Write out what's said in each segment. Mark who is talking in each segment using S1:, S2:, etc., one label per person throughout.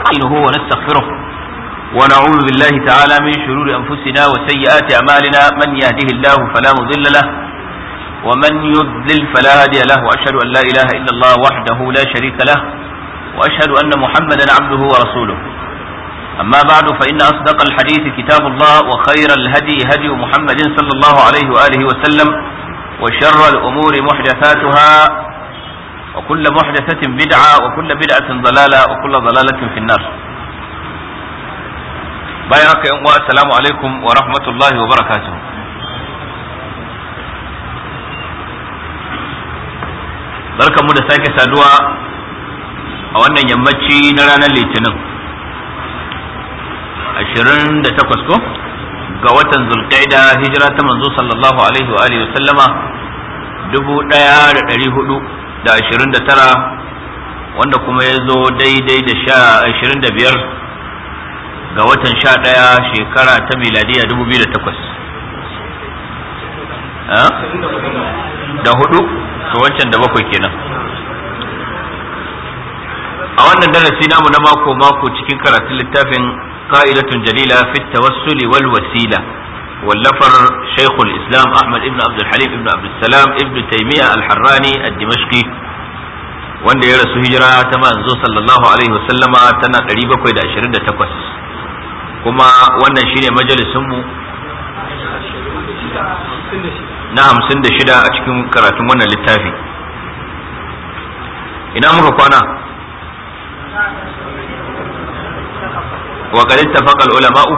S1: نستعينه ونستغفره ونعوذ بالله تعالى من شرور أنفسنا وسيئات أعمالنا من يهده الله فلا مضل له ومن يضلل فلا هادي له وأشهد أن لا إله إلا الله وحده لا شريك له وأشهد أن محمدا عبده ورسوله أما بعد فإن أصدق الحديث كتاب الله وخير الهدي هدي محمد صلى الله عليه وآله وسلم وشر الأمور محدثاتها وكل محدثة بدعة وكل بدعة ضلالة وكل ضلالة في النار بيانك السلام عليكم ورحمة الله وبركاته barkan mu da sake saduwa a wannan yammaci na ranar litinin 28 ga watan zulqaida hijira ta manzo sallallahu alaihi wa alihi wa 1400 da ashirin da tara wanda kuma ya zo daidai da sha ashirin da biyar ga watan sha ɗaya shekara ta miladiya dubu biyu da takwas da hudu ga wancan da bakwai kenan a wannan darasi namu na mako mako cikin karatun littafin ka'idatun jalila fit tawassuli wal wasila wallafar shaikhul islam ahmad ibn abdul halim ibn abdul salam ibn taymiya al-harrani ad-dimashqi wanda ya rasu hijira ta manzo sallallahu alaihi wasallama tana 728 kuma wannan shine majalisin mu na 56 a cikin karatun wannan littafi ina muka kwana wa qad ittafaqa al-ulama'u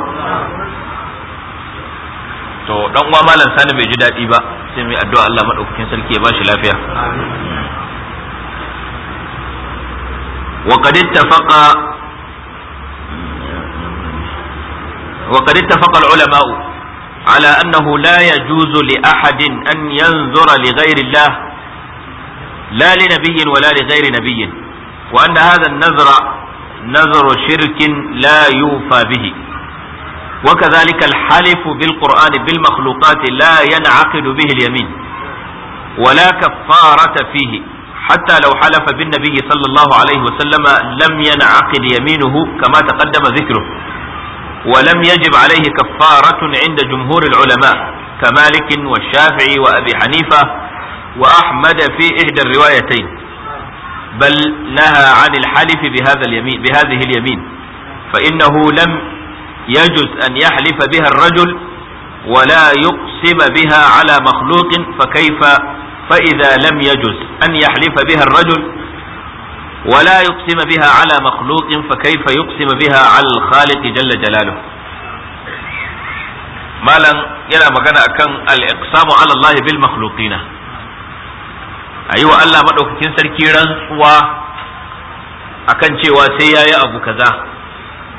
S1: to dan uwa malam sani bai ji daɗi ba sai mai addu'a Allah madaukakin sarki ya ba shi lafiya wa qad ittafaqa wa qad ittafaqa al على أنه لا يجوز لأحد أن ينظر لغير الله لا لنبي ولا لغير نبي وأن هذا النظر نظر شرك لا وكذلك الحلف بالقرآن بالمخلوقات لا ينعقد به اليمين ولا كفارة فيه حتى لو حلف بالنبي صلى الله عليه وسلم لم ينعقد يمينه كما تقدم ذكره ولم يجب عليه كفارة عند جمهور العلماء كمالك والشافعي وأبي حنيفة وأحمد في إحدى الروايتين بل نهى عن الحلف بهذا اليمين بهذه اليمين فإنه لم يجوز أن يحلف بها الرجل ولا يقسم بها على مخلوق فكيف فإذا لم يجوز أن يحلف بها الرجل ولا يقسم بها على مخلوق فكيف يقسم بها على الخالق جل جلاله malam yana magana akan al-iqsamu ala Allah bil makhluqina ayi wa Allah madaukakin sarki rantsuwa akan cewa sai yayi abu kaza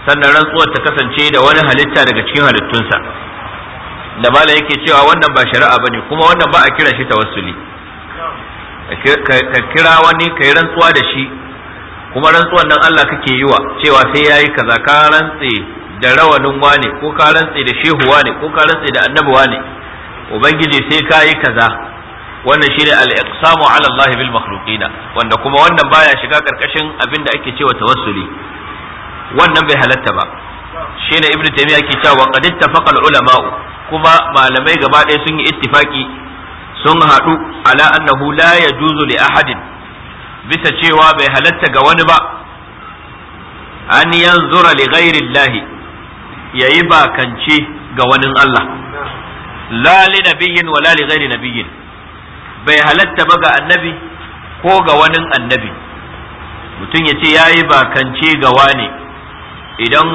S1: sannan rantsuwar ta kasance da wani halitta daga cikin halittunsa da mala yake cewa wannan ba shari'a bane kuma wannan ba a kira shi tawassuli ka kira wani ka yi rantsuwa da shi kuma rantsuwan nan Allah kake yi wa cewa sai yayi kaza ka rantse da rawanin wane ko ka rantse da shehu wane ko ka rantse da annabi wane ubangiji sai ka yi kaza wannan shine al-iqsamu ala Allah bil makhluqina wanda kuma wannan baya shiga karkashin abin da ake cewa tawassuli wannan bai halatta ba shi ne ibnu taymiya ke cewa qad ittafaqa ulama'u kuma malamai gaba ɗaya sun yi ittifaki sun haɗu ala annahu la yajuzu li ahadin bisa cewa bai halatta ga wani ba an yanzura li ghairi llahi yayi bakance ga wani Allah la li nabiyyin wala li ghairi nabiyyin bai halatta ba ga annabi ko ga wani annabi mutum ya ce yayi bakance ga wani idan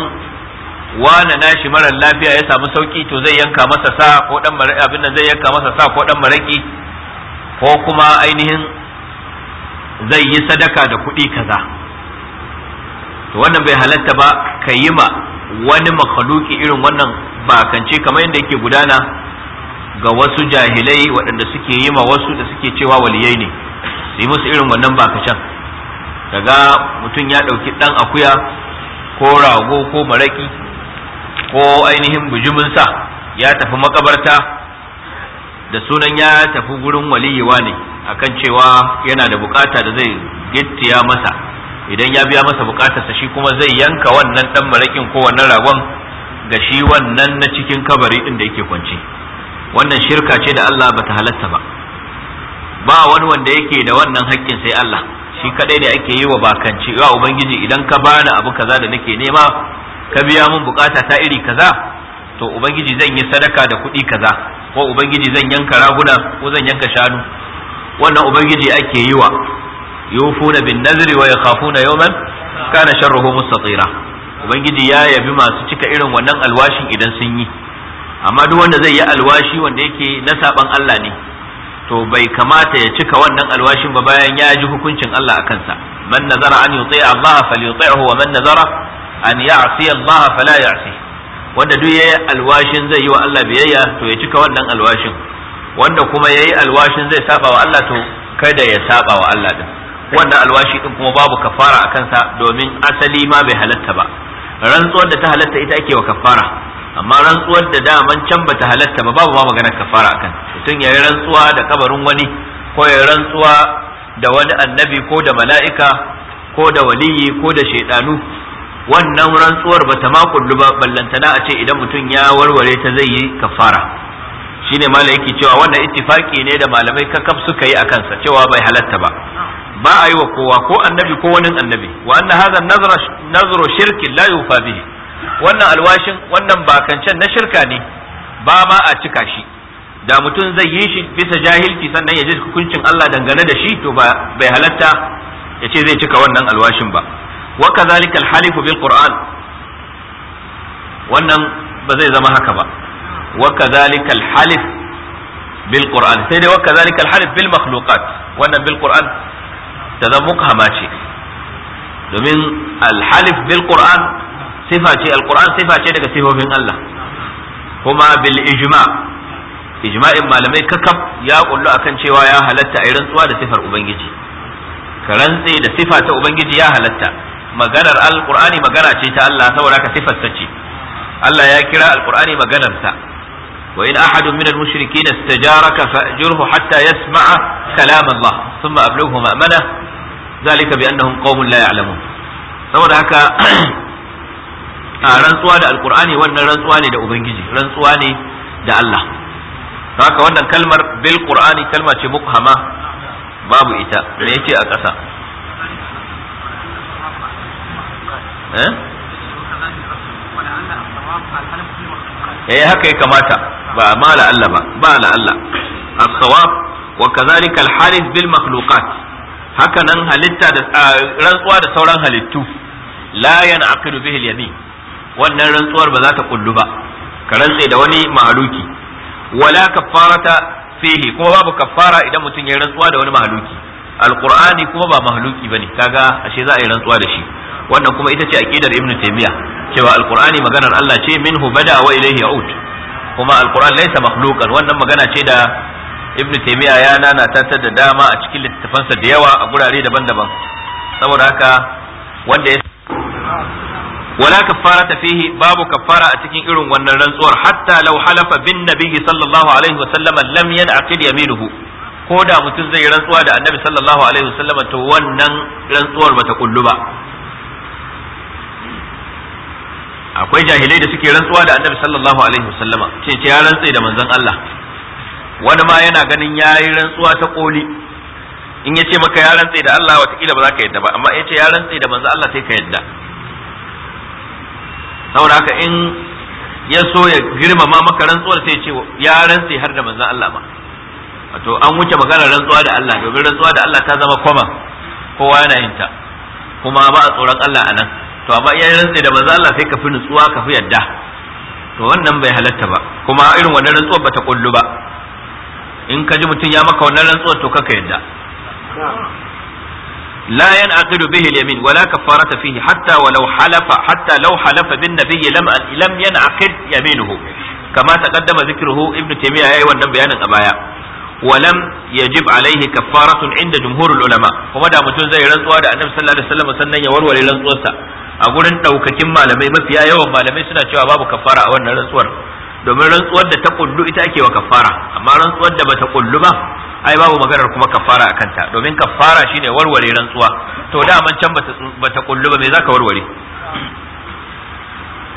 S1: wana nashi marar lafiya ya samu sauki to zai yanka masa sa ko dan maraki abin nan zai yanka masa sa ko dan maraki ko kuma ainihin zai yi sadaka da kuɗi kaza to wannan bai halatta ba ka yi ma wani makhluki irin wannan bakance kamar yadda yake gudana ga wasu jahilai waɗanda suke yi ma wasu da suke cewa waliyai ne su yi musu irin wannan bakacen kaga mutum ya ɗauki ɗan akuya ko rago ko maraki ko ainihin bujuminsa ya tafi makabarta da sunan ya tafi gurin waliyewa ne a kan cewa yana da bukata da zai gittiya masa idan ya biya masa bukatarsa shi kuma zai yanka wannan dan marakin ko wannan ragon ga shi wannan na cikin kabari din da yake kwance wannan shirka ce da Allah bata halatta ba ba wani wanda yake da wannan haƙƙin sai Allah shi kadai ne ake yi wa bakanci ya ubangiji idan ka bani abu kaza da nake nema ka biya mun bukata ta iri kaza to ubangiji zan yi sadaka da kuɗi kaza ko ubangiji zan yanka raguna ko zan yanka shanu wannan ubangiji ake yi wa yufuna bin nazri wa yakhafuna yawman kana sharruhu mustatira ubangiji ya yabi masu cika irin wannan alwashin idan sun yi amma duk wanda zai yi alwashi wanda yake na saban Allah ne to bai kamata ya cika wannan alwashin ba bayan ya ji hukuncin Allah a kansa man nazara an yuti Allah falyuti'hu wa man nazara an ya'si Allah fala ya'si wanda duk yayi alwashin zai yi wa Allah biyayya to ya cika wannan alwashin wanda kuma yayi alwashin zai saba wa Allah to kada ya saba wa Allah din Wanda alwashi din kuma babu kafara a kansa domin asali ma bai halatta ba rantsuwar da ta halatta ita ake wa kafara amma rantsuwar da daman can bata halatta ba babu ma maganar kafara akan mutum ya yi rantsuwa da kabarin wani ko ya rantsuwa da wani annabi ko da mala'ika ko da waliyi ko da shaidanu wannan rantsuwar bata ma kullu ba ballantana a ce idan mutum ya warware ta zai yi kafara shine malai yake cewa wannan ittifaki ne da malamai kakaf suka yi akan sa cewa bai halatta ba ba a yi wa kowa ko annabi ko wani annabi wa anna hadha nazra nazru shirkin la yufa bihi wannan alwashin wannan bakancen na shirka ne ba ma a cika shi da mutum zai yi shi bisa jahilci sannan ya ji hukuncin Allah dangane da shi to bai halatta ya ce zai cika wannan alwashin ba wa kadhalika alhalifu bil qur'an wannan ba zai zama haka ba wa kadhalika alhalif bil qur'an sai dai wa kadhalika alhalif bil makhluqat wannan bil qur'an ta zama mukhama ce domin alhalif bil qur'an sifa ce alquran sifa ce daga sifofin Allah kuma bil ijma ijma'in malamai kakaf ya kullu akan cewa ya halatta a rantsuwa da sifar ubangiji ka rantse da sifa ta ubangiji ya halatta maganar alqur'ani magana ce ta Allah saboda ka sifar ta ce Allah ya kira alqur'ani maganar sa wa in ahadun min al-mushrikeen istajaraka fa'jurhu hatta yasma'a kalam Allah thumma ablighu ma'mana ذلك بأنهم قوم لا يعلمون saboda haka a rantsuwa da alkur'ani wannan rantsuwa ne da ubangiji rantsuwa ne da Allah haka wannan kalmar bil qur'ani kalma ce mukhama babu ita me yake a ƙasa eh, eh haka ya kamata ba mala Allah ba ba la Allah as-sawab wa kadhalika al halif bil makhluqat haka nan halitta da rantsuwa da sauran halittu la yanaqidu bihi al-yamin wannan rantsuwar ba za ta kullu ba ka rantse da wani mahaluki wala kaffarata fihi kuma babu kaffara idan mutum ya rantsuwa da wani mahaluki alqur'ani kuma ba mahaluki bane kaga ashe za a yi rantsuwa da shi wannan kuma ita ce aqidar ibnu taymiya cewa alqur'ani maganar Allah ce minhu bada wa ilayhi yaud kuma alqur'an laysa makhluqan wannan magana ce da ibnu taymiya ya nana ta da dama a cikin littafansa da yawa a gurare daban-daban saboda haka wanda ya wala kaffara ta fihi babu kaffara a cikin irin wannan rantsuwar hatta law halafa bin nabiyyi sallallahu alaihi wasallam lam yanaqid yaminuhu ko da mutum zai rantsuwa da annabi sallallahu alaihi wasallam to wannan rantsuwar kullu ba akwai jahilai da suke rantsuwa da annabi sallallahu alaihi wasallama ce ce ya rantsa da manzon Allah wani ma yana ganin yayi rantsuwa ta koli in yace maka ya rantsa da Allah watakila ba za ka yadda ba amma ce ya rantsa da manzon Allah sai ka yadda saboda haka in ya so ya girmama maka rantsuwar sai ce ya rantsi har da manzon Allah ma wato an wuce magana rantsuwa da Allah domin rantsuwa da Allah ta zama kwama kowa yana yin ta kuma ba a tsoron Allah a nan to amma iya rantsi da manzon Allah sai ka fi nutsuwa ka fi yadda to wannan bai halatta ba kuma irin wannan rantsuwar bata kullu ba in ka ji mutum ya maka wannan rantsuwar to kaka yadda لا ينعقد به اليمين ولا كفارة فيه حتى ولو حلف حتى لو حلف بالنبي لم لم ينعقد يمينه كما تقدم ذكره ابن تيمية أيوة بيان أبايا ولم يجب عليه كفارة عند جمهور العلماء وما دا متون زي رزوا دا النبي صلى الله عليه وسلم سنة يورو لرزوسا أقول أنت وكتم malamai mafiya yawan malamai suna cewa babu kafara a wannan rantsuwar domin rantsuwar da ta kullu ita ake wa kafara amma rantsuwar da bata kullu ba ai babu maganar kuma kafara a kanta domin kafara shine warware rantsuwa to da man can bata kullu ba me zaka warware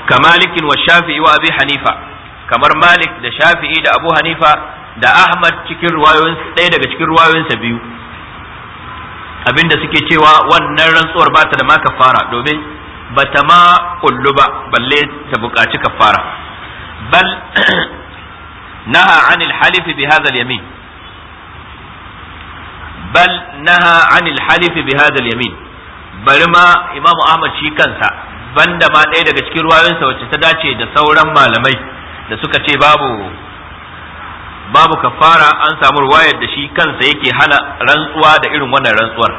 S1: kamalikin wa shafi'i wa abi hanifa kamar malik da shafi'i da abu hanifa da ahmad cikin ruwayoyin ɗaya daga cikin sa biyu abinda suke cewa wannan rantsuwar ba ta da ma kafara domin bata ma kullu ba balle ta buƙaci kafara bal naha anil halifi bi hadha al yamin bal naha anil halif bi yamin bari ma imam ahmad shi kansa banda ma ɗaya daga cikin ruwayoyinsa wacce ta dace da sauran malamai da suka ce babu babu kafara an samu ruwayar da shi kansa yake hana rantsuwa da irin wannan rantsuwar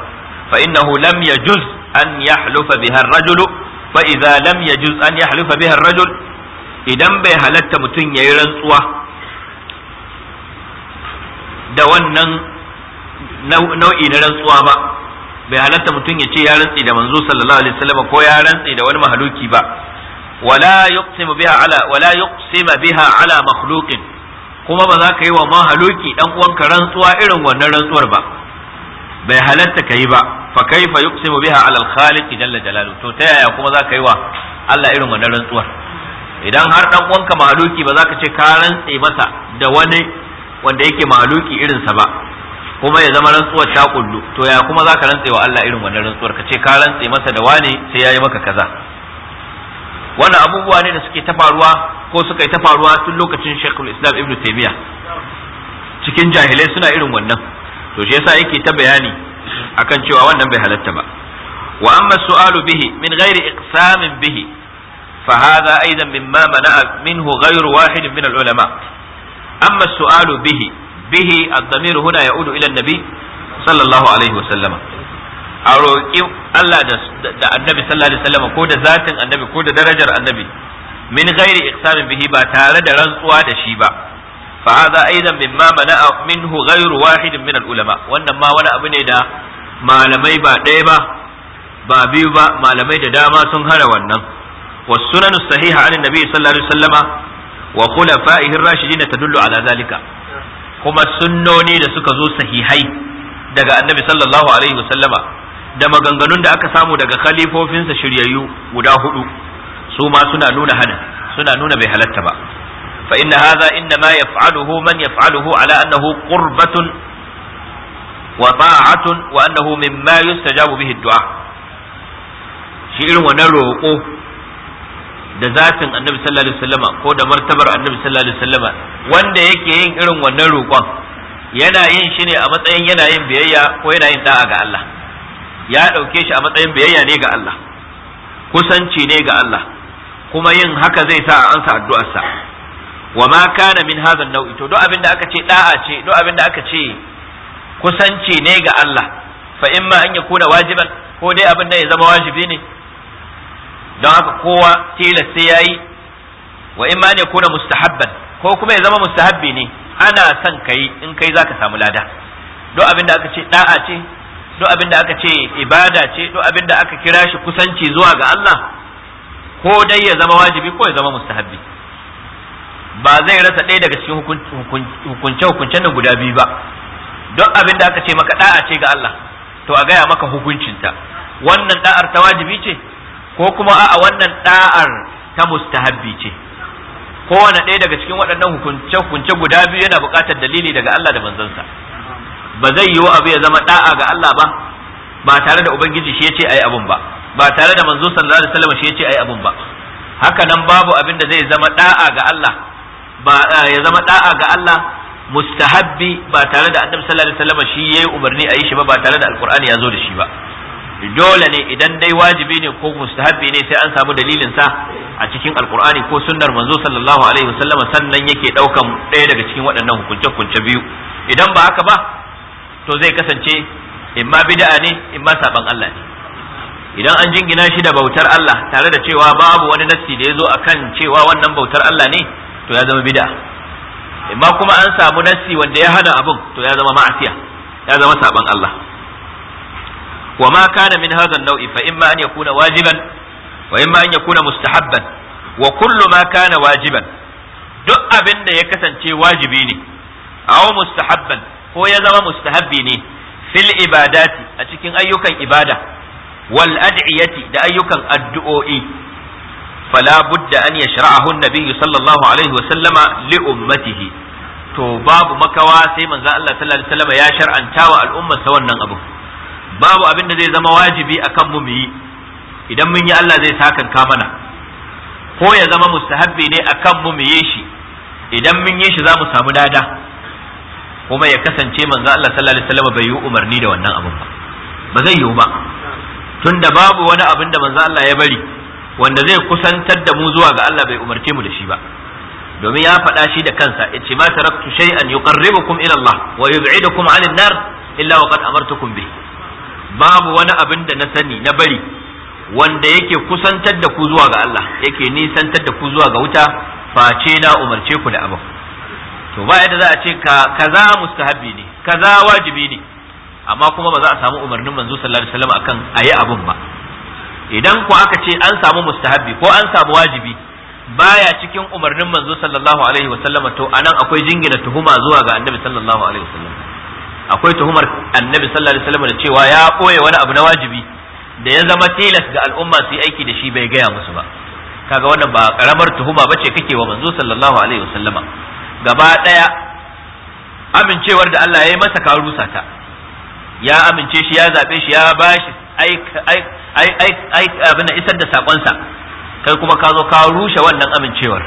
S1: fa innahu lam yajuz an yahlufa biha ar-rajul fa idza lam yajuz an yahlufa biha ar-rajul idan bai halatta mutum yayi rantsuwa da wannan nau'i na rantsuwa ba bai halatta mutum ya ce ya rantsi da manzo sallallahu alaihi wasallam ko ya rantsi da wani mahaluki ba wala yuqsimu biha ala wala yuqsima biha ala makhluqin kuma ba za ka yi wa mahaluki dan uwanka rantsuwa irin wannan rantsuwar ba bai halatta ka yi ba fa kaifa yuqsimu biha ala al-khaliq jalla jalaluhu to ta yaya kuma za ka yi wa Allah irin wannan rantsuwar idan har dan uwanka mahaluki ba za ka ce ka rantse masa da wani wanda yake mahaluki irinsa ba kuma ya zama rantsuwar ta kullu to ya kuma zaka rantsewa Allah irin wannan rantsuwar ka ce ka rantse masa da wane sai yayi maka kaza wannan abubuwa ne da suke ta faruwa ko suka yi ta faruwa tun lokacin Sheikhul Islam Ibn Taymiyyah cikin jahilai suna irin wannan to shi yasa yake ta bayani akan cewa wannan bai halatta ba wa amma su'alu bihi min ghairi iqsamin bihi fa hadha aidan mimma mana'a minhu ghairu wahid min al-ulama amma su'alu bihi bihi ad-damir huna ya'udu ila an-nabi sallallahu alaihi wa sallama a Allah da annabi sallallahu alaihi ko da zatin annabi ko da darajar annabi min ghairi iqsamin bihi ba tare da rantsuwa da shi ba fa hadha aidan mimma mana'a minhu ghairu wahidin min al-ulama wannan ma wani abu ne da malamai ba ɗaya ba ba biyu ba malamai da dama sun hana wannan والسنن الصحيحة عن النبي صلى الله عليه وسلم وخلفائه الراشدين تدل على ذلك kuma sunnoni da suka zo sahihai daga annabi sallallahu alaihi wasallama da maganganun da aka samu daga khalifofinsa shiryayyu guda hudu su ma suna nuna hana suna nuna bai halatta ba fa inna hadha inna ma yaf'aluhu man yaf'aluhu ala annahu qurbatun wa ta'atun wa annahu mimma yustajabu bihi du'a shi irin wannan roƙo da zatin annabi sallallahu alaihi wasallama ko da martabar annabi sallallahu alaihi wasallama wanda yake yin irin wannan roƙon yana yin shi ne a matsayin yana yin biyayya ko yana yin da'a ga Allah ya ɗauke shi a matsayin biyayya ne ga Allah kusanci ne ga Allah kuma yin haka zai sa an sa addu'arsa wa ma kana min hadha nau'i to duk abin da aka ce da'a ce duk abin da aka ce kusanci ne ga Allah fa imma an yakuna wajiban ko dai abin da ya zama wajibi ne don haka kowa tilas sai yayi wa in ma ne kuna mustahabban ko kuma ya zama mustahabbi ne ana son kai in kai zaka samu lada duk abin da aka ce da'a ce duk abin da aka ce ibada ce duk abin da aka kira shi kusanci zuwa ga Allah ko dai ya zama wajibi ko ya zama mustahabbi ba zai rasa ɗaya daga cikin hukunce hukunce nan guda biyu ba duk abin da aka ce maka da'a ce ga Allah to a gaya maka hukuncinta wannan da'ar ta wajibi ce ko kuma a wannan da'ar ta mustahabbi ce kowane ɗaya daga cikin waɗannan hukunce hukunce guda biyu yana buƙatar dalili daga Allah da manzansa ba zai wa abu ya zama da'a ga Allah ba ba tare da ubangiji shi yace ayi abun ba ba tare da manzo sallallahu alaihi wasallam shi yace ayi abun ba haka nan babu abin da zai zama da'a ga Allah ba ya zama da'a ga Allah mustahabbi ba tare da annabi sallallahu alaihi wasallam shi yayi umarni a yi shi ba ba tare da alqur'ani ya zo da shi ba dole ne idan dai wajibi ne ko mustahabbi ne sai an samu dalilin sa a cikin alkur'ani ko sunnar manzo sallallahu alaihi wasallam sannan yake daukan ɗaya daga cikin waɗannan hukunce-hukunce biyu idan ba haka ba to zai kasance imma bid'a ne imma saban Allah ne idan an jingina shi da bautar Allah tare da cewa babu wani nassi da ya zo akan cewa wannan bautar Allah ne to ya zama bid'a imma kuma an samu nassi wanda ya hana abun to ya zama ma'asiya ya zama saban Allah wa ma kana min hadha an-naw'i fa imma an yakuna wajiban wa imma mustahabban wa ma kana wajiban duk abin da ya kasance wajibi ne aw mustahabban ko ya zama mustahabbi ne fil ibadati a cikin ayyukan ibada wal ad'iyati da ayyukan addu'o'i fala budda an yashra'ahu an-nabiy sallallahu alaihi wa sallama li ummatihi to babu makawa sai manzo Allah sallallahu alaihi wasallam ya shar'anta wa al'ummarsa wannan abu babu abin da zai zama wajibi akan mu mu yi idan mun yi Allah zai sakanka mana ko ya zama mustahabbi ne akan mu mu yi shi idan mun yi shi za mu samu dada kuma ya kasance manzo Allah sallallahu alaihi bai yi umarni da wannan abin ba ba zai yiwu ba tunda babu wani abin da manzo Allah ya bari wanda zai kusantar da mu zuwa ga Allah bai umarce mu da shi ba domin ya faɗa shi da kansa yace ma taraktu shay'an yuqarribukum ila Allah wa yub'idukum 'anil nar illa wa qad amartukum bihi babu wani abin da na sani na bari wanda yake kusantar da ku zuwa ga Allah yake nisantar da ku zuwa ga wuta face na umarce ku da abin to ba yadda za a ce kaza mustahabi ne kaza wajibi ne amma kuma ba za a samu umarnin manzo sallallahu alaihi wasallam akan ayi abin ba idan ku aka ce an samu mustahabi ko an samu wajibi baya cikin umarnin manzo sallallahu alaihi wasallam to anan akwai jingina tuhuma zuwa ga annabi sallallahu alaihi wasallam akwai tuhumar annabi sallallahu alaihi wasallam da cewa ya koye wani abu na wajibi da ya zama tilas ga al'umma su yi aiki da shi bai gaya musu ba kaga wannan ba karamar tuhuma bace kake wa manzo sallallahu alaihi wasallama gaba daya amincewar da Allah ya yi masa karusa ta ya amince shi ya zabe shi ya bashi ai abin isar da sa kai kuma ka zo ka rushe wannan amincewar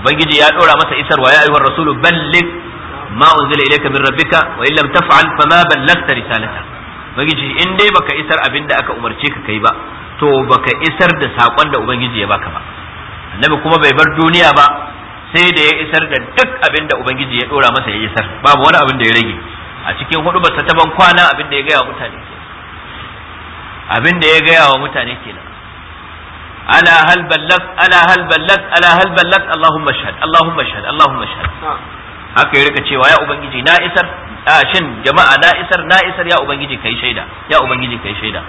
S1: ubangiji ya dora masa isarwa ya ayyuhar rasulu balligh ma unzila ilayka min rabbika wa illam taf'al fama ballagta risalata ubangiji in dai baka isar abin da aka umarce ka kai ba to baka isar da sakon da ubangiji ya baka ba annabi kuma bai bar duniya ba sai da ya isar da duk abin da ubangiji ya dora masa ya isar babu wani abin da ya rage a cikin hudu ba ta ban kwana abin da ya gaya wa mutane ke. abin da ya gaya wa mutane kenan ala hal ballak ala hal ballak ala hal ballak allahumma shahad allahumma shahad allahumma shahad haka ya rika cewa ya ubangiji na isar a shin jama'a na isar na isar ya ubangiji kai shaida ya ubangiji kai shaida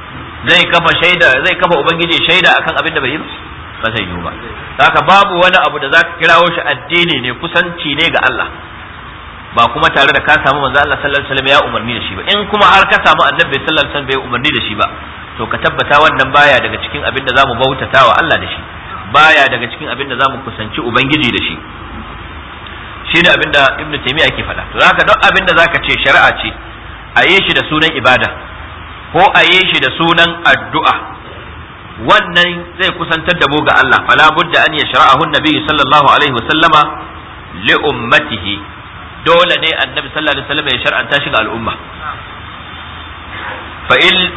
S1: zai kafa shaida zai kafa ubangiji shaida akan abin da bai yi ba zai yi ba haka babu wani abu da zaka kirawo shi addini ne kusanci ne ga Allah ba kuma tare da ka samu manzo Allah sallallahu alaihi wasallam ya umarni da shi ba in kuma har ka samu annabi sallallahu alaihi wasallam bai umarni da shi ba to ka tabbata wannan baya daga cikin abin da zamu bautatawa Allah da shi baya daga cikin abin da zamu kusanci ubangiji da shi shine abinda ibnu taymiya yake faɗa to zaka duk abinda zaka ce shari'a ce a yi shi da sunan ibada ko a yi shi da sunan addu'a wannan zai kusantar da mu ga Allah fala budda an yashra'ahu nabi sallallahu alaihi Wasallama li ummatihi dole ne annabi sallallahu alaihi Wasallama ya shar'anta shi ga al'umma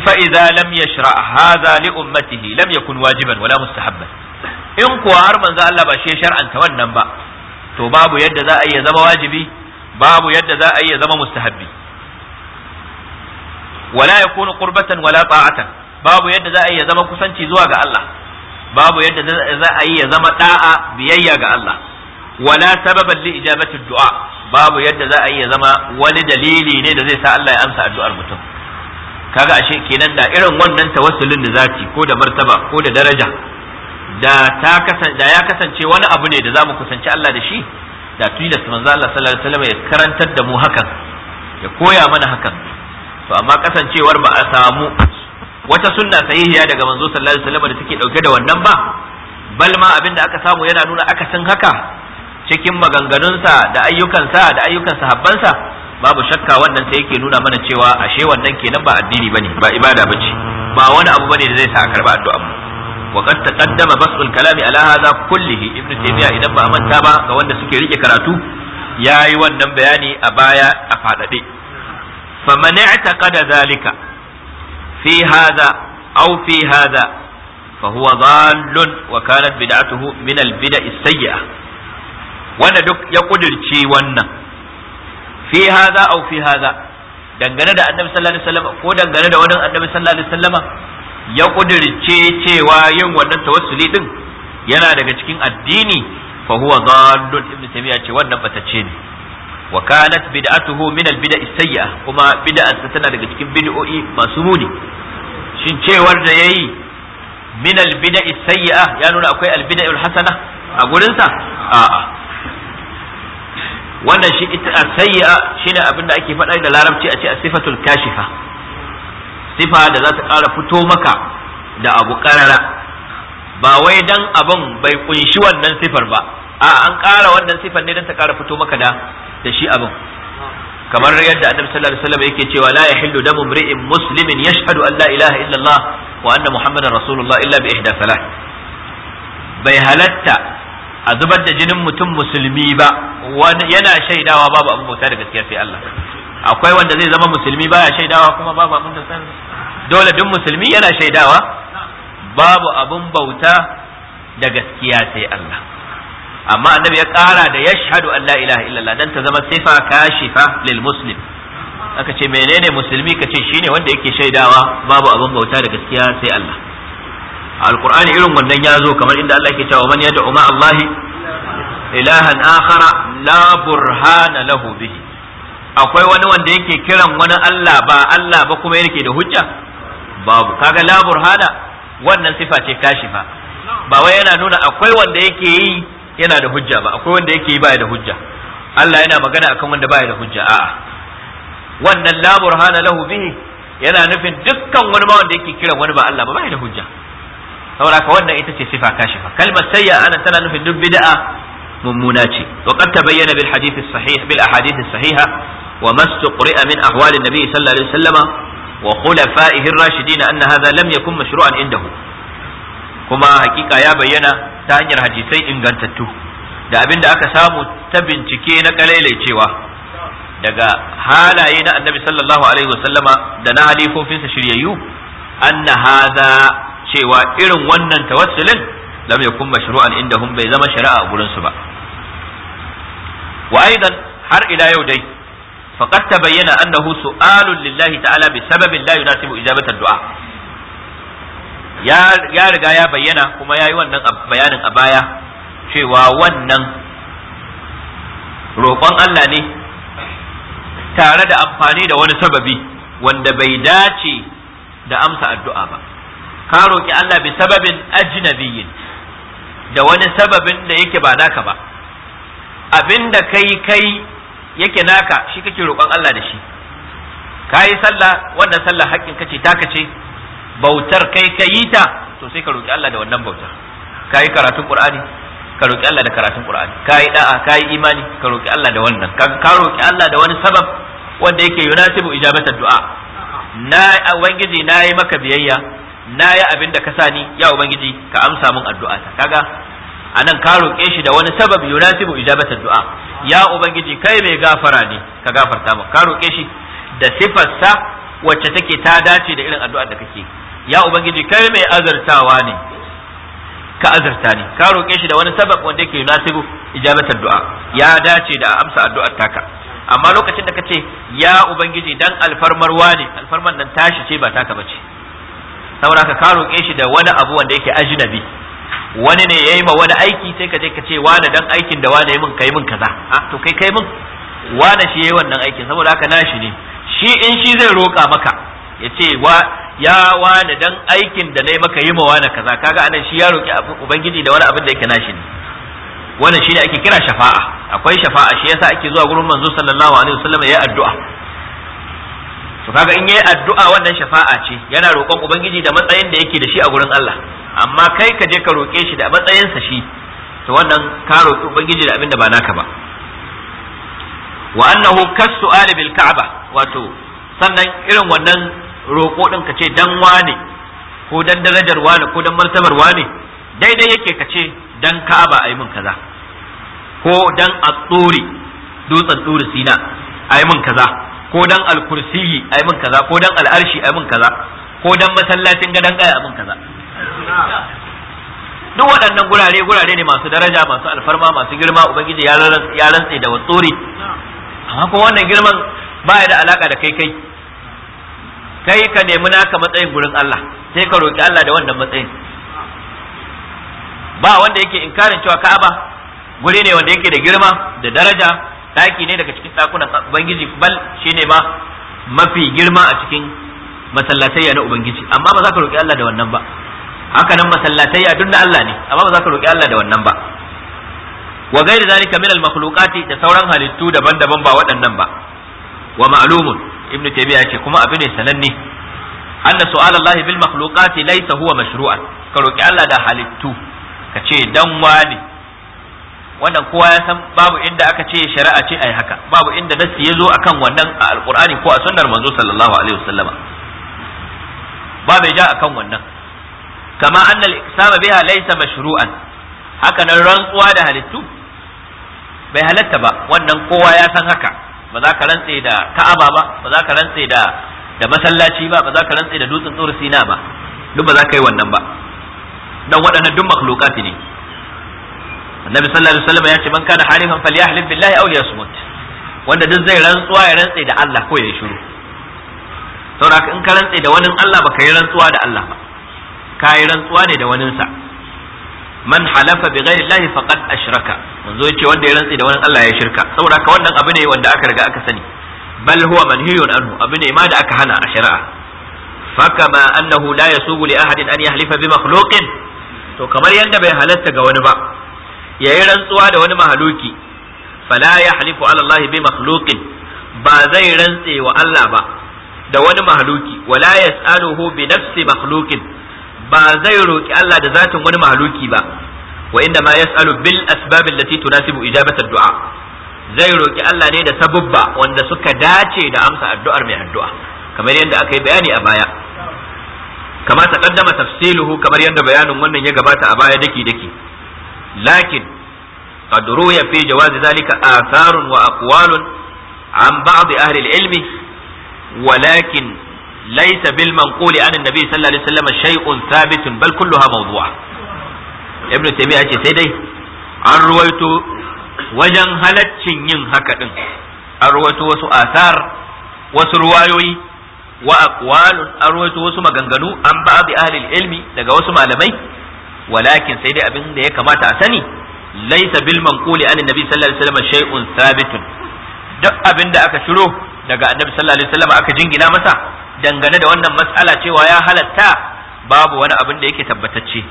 S1: فإذا لم يشرع هذا لأمته lam يكن واجبا wala مستحبا in kuwa har manzo Allah ba shi ya shar'anta wannan ba to babu yadda za a iya zama wajibi babu yadda za a iya zama mustahabbi wala ya yakunu qurbatan wala ta'atan babu yadda za a iya zama kusanci zuwa ga Allah babu yadda za a iya zama da'a biyayya ga Allah wala sababan li ijabati du'a babu yadda za a iya zama wani dalili ne da zai sa Allah ya amsa addu'ar mutum kaga ashe kenan da irin wannan tawassulin da zati ko da martaba ko da daraja da ya kasance wani abu ne da za mu kusanci Allah da shi da tilas manzo Allah sallallahu alaihi wasallam ya karantar da mu hakan ya koya mana hakan to amma kasancewar ba a samu wata sunna sahihiya daga manzo sallallahu alaihi wasallam da take dauke da wannan ba bal ma da aka samu yana nuna aka akasin haka cikin maganganunsa da ayyukansa da ayyukan sahabbansa babu shakka wannan sai yake nuna mana cewa ashe wannan kenan ba addini bane ba ibada bace ba wani abu bane da zai sa a karba addu'a mu وقد تقدم بسط الكلام على هذا كله ابن تيمية إذا ما أمنت با فوانا سكي ريكي كراتو يا أيوان بياني أبايا أفعددي فمن اعتقد ذلك في هذا أو في هذا فهو ضال وكانت بدعته من البدع السيئة وانا دك يقدر شي وانا في هذا أو في هذا dangane da annabi sallallahu alaihi wasallam ko dangane da wani annabi sallallahu alaihi wasallama ya kudirce cewa yin wannan tawassuli din yana daga cikin addini fa huwa dallun ibnu taymiya ce wannan ce ne wa kanat bid'atuhu min al bid'a sayyi'a kuma bid'arsa tana daga cikin bid'o'i masu muni shin cewar da yayi min al bid'a sayyi'a ya nuna akwai al bid'a al hasana a gurin sa a'a wannan shi ita sayyi'a shine abin da ake faɗa da larabci a ce a sifatul kashifa sifa da za ta ƙara fito maka da abu ƙarara ba wai dan abin bai kunshi wannan sifar ba a an ƙara wannan sifar ne don ta ƙara fito maka da da shi abin kamar yadda annabi sallallahu alaihi wasallam yake cewa la yahillu damu mri'in muslimin yashhadu an la ilaha illa Allah wa anna muhammadar rasulullah illa bi ihda salah bai halatta a zubar da jinin mutum musulmi ba yana shaidawa babu abu bauta da gaskiya sai Allah akwai wanda zai zama musulmi baya shaidawa kuma babu abin da san dole duk musulmi yana shaidawa babu abin bauta da gaskiya sai Allah amma annabi ya kara da yashhadu an la ilaha illallah dan ta zama sifa kashifa lil muslim aka ce menene musulmi kace shine wanda yake shaidawa babu abin bauta da gaskiya sai Allah alqur'ani irin wannan ya zo kamar inda Allah yake cewa man yad'u ma ilahan akhara la burhana lahu bihi akwai wani wanda yake kiran wani Allah ba Allah ba kuma yake da hujja babu kaga la burhana wannan sifa ce kashifa ba wai yana nuna akwai wanda yake yi yana da hujja ba akwai wanda yake yi baya da hujja Allah yana magana akan wanda baya da hujja a'a wannan la burhana lahu bihi yana nufin dukkan wani ma wanda yake kiran wani ba Allah ba baya da hujja saboda haka wannan ita ce sifa kashifa kalmar sayya ana tana nufin duk bid'a mummuna ce wa qad tabayyana bil hadith sahih bil ahadith sahiha وما استقرئ من أحوال النبي صلى الله عليه وسلم وخلفائه الراشدين أن هذا لم يكن مشروعا عنده كما حقيقة يا بينا تانير حديثي إن قنتتو da abin da aka samu ta bincike na kalaicewa daga halaye na annabi sallallahu alaihi wasallama da na halifofinsa shiryayyu anna hadha cewa irin wannan tawassulin lam yakun mashru'an indahum bai zama shari'a a gurin ba wa aidan har ila yau dai faqad tabayyana annahu su'alun lillahi ta'ala bi sababin la yunasibu ijabata du'a ya riga ya bayyana kuma yayi wannan bayanin a baya cewa wannan roƙon Allah ne tare da amfani da wani sababi wanda bai dace da amsa addu'a ba ka roƙi Allah bi sababin ajnabiyyin da wani sababin da yake ba naka ba abinda kai kai yake naka shi kake roƙon Allah da shi kayi sallah wannan sallah haƙƙin kace taka ce bautar kai ka yi ta to sai ka roƙi Allah da wannan bautar kayi karatun Qur'ani ka roƙi Allah da karatun Qur'ani kayi da'a yi imani ka roƙi Allah da wannan ka roƙi Allah da wani sabab wanda yake yunasibu ijabatar du'a na ubangiji na yi maka biyayya na yi abin da ka sani ya ubangiji ka amsa min addu'a ta kaga anan ka roƙe shi da wani sabab yunasibu ijabata du'a ya ubangiji kai mai gafara ne ka gafarta mu ka roƙe shi da sifarsa wacce take ta dace da irin addu'ar da kake ya ubangiji kai mai azartawa ne ka azarta ne ka roƙe shi da wani sabab wanda yake yunasibu ijabata du'a ya dace da amsa addu'ar taka amma lokacin da kace ya ubangiji dan alfarmar wane alfarman nan tashi ce ba taka bace saboda ka roƙe shi da wani abu wanda yake ajnabi wani ne yayi ma wani aiki sai ka je ka ce wani dan aikin da wani min kai min kaza a ah, to kai kai min wani shi yayi wannan aikin saboda haka nashi ne shi in shi zai roka maka ya ce wa ya wani dan aikin da nayi maka yi ma wani kaza kaga anan shi ya roki ubangiji da wani abin da yake nashi ne wannan ne ake kira shafa'a akwai shafa'a shi yasa ake zuwa gurin manzo sallallahu alaihi wasallam yayi addu'a to kaga in yayi addu'a wannan shafa'a ce yana roƙon ubangiji da matsayin da yake da shi a gurin Allah amma kai ka je ka roƙe shi da matsayinsa shi to wannan ka roƙi ubangiji da abin da ba naka ba wa annahu kasu Alibil bil wato sannan irin wannan roƙo din ka ce dan wane ko dan darajar wane ko dan martabar wane daidai yake ka ce dan ka'aba ayi min kaza ko dan atsuri dutsen turi sina ayi min kaza ko dan al-kursiyi ayi min kaza ko dan al'arshi arshi ayi min kaza ko dan masallacin gadan kai ayi min kaza duk waɗannan gurare gurare ne masu daraja masu alfarma masu girma ubangiji ya rantse da wasuri amma kuma wannan girman ba ya da alaka da kai kai kai ka nemi naka matsayin gurin Allah sai ka roki Allah da wannan matsayin ba wanda yake inkarin cewa Ka'aba guri ne wanda yake da girma da daraja daki ne daga cikin dakunan ubangiji bal shine ma mafi girma a cikin masallatai na ubangiji amma ba za ka roki Allah da wannan ba haka nan masallatai a da Allah ne amma ba za ka roƙi Allah da wannan ba wa gairi zalika min al-makhluqati da sauran halittu daban-daban ba waɗannan ba wa ma'lumun ibnu taymiya ce kuma abin ne sananne anna su'al Allah bil makhluqati laysa huwa mashru'an ka roƙi Allah da halittu ka ce dan wani wannan kowa ya san babu inda aka ce shari'a ce ai haka babu inda nassi yazo akan wannan a alqur'ani ko a sunnar manzo sallallahu alaihi wasallama ba bai ja akan wannan kama anna al-iqsama biha laysa mashru'an haka nan rantsuwa da halittu bai halatta ba wannan kowa ya san haka ba za ka rantse da ka'aba ba ba za ka rantse da da masallaci ba ba za ka rantse da dutsen tsoro sina ba duk ba za ka yi wannan ba dan waɗannan duk makhluqat ne annabi sallallahu alaihi wasallam ya ce man kana halifan falyahlif billahi aw liyasmut wanda duk zai rantsuwa ya rantse da Allah ko ya shiru saboda in ka rantse da wani Allah baka yi rantsuwa da Allah ba kayi rantsuwa ne da waninsa man halafa bi ghairi llahi faqad ashraka manzo yace wanda ya rantsi da wani Allah ya shirka saboda haka wannan abu ne wanda aka riga aka sani bal huwa manhiyun anhu abu ne ma da aka hana a shari'a fakama annahu la yasubu li ahadin an yahlifa bi makhluqin to kamar yanda bai halatta ga wani ba yayi rantsuwa da wani mahaluki fala yahlifu ala alallahi bi makhluqin ba zai rantse wa Allah ba da wani mahaluki wala yas'aluhu bi nafsi makhluqin ba zai roƙi Allah da zatin wani mahaluki ba wa inda ma yas'alu bil asbab allati tunasibu ijabata du'a zai roki Allah ne da sabubba wanda suka dace da amsa addu'ar mai addu'a kamar yadda aka yi bayani a baya kama taqaddama tafsiluhu kamar yadda bayanin wannan ya gabata a baya daki daki lakin قد روي في جواز ذلك آثار وأقوال عن بعض أهل العلم ولكن laysa bil manquli an annabi sallallahu alaihi wasallam shay'un thabitun bal ibn taymiya ce sai dai an ruwaito wajen halaccin yin haka din an ruwaito wasu asar wasu ruwayoyi an ruwaito wasu maganganu an ba'd ahli ilmi daga wasu malamai walakin sai dai abin da ya kamata a sani laysa bil manquli an annabi sallallahu alaihi wasallam shay'un duk abin da aka shiro daga annabi aka jingina masa dangane da wannan matsala cewa ya halatta babu wani abin da yake tabbatacce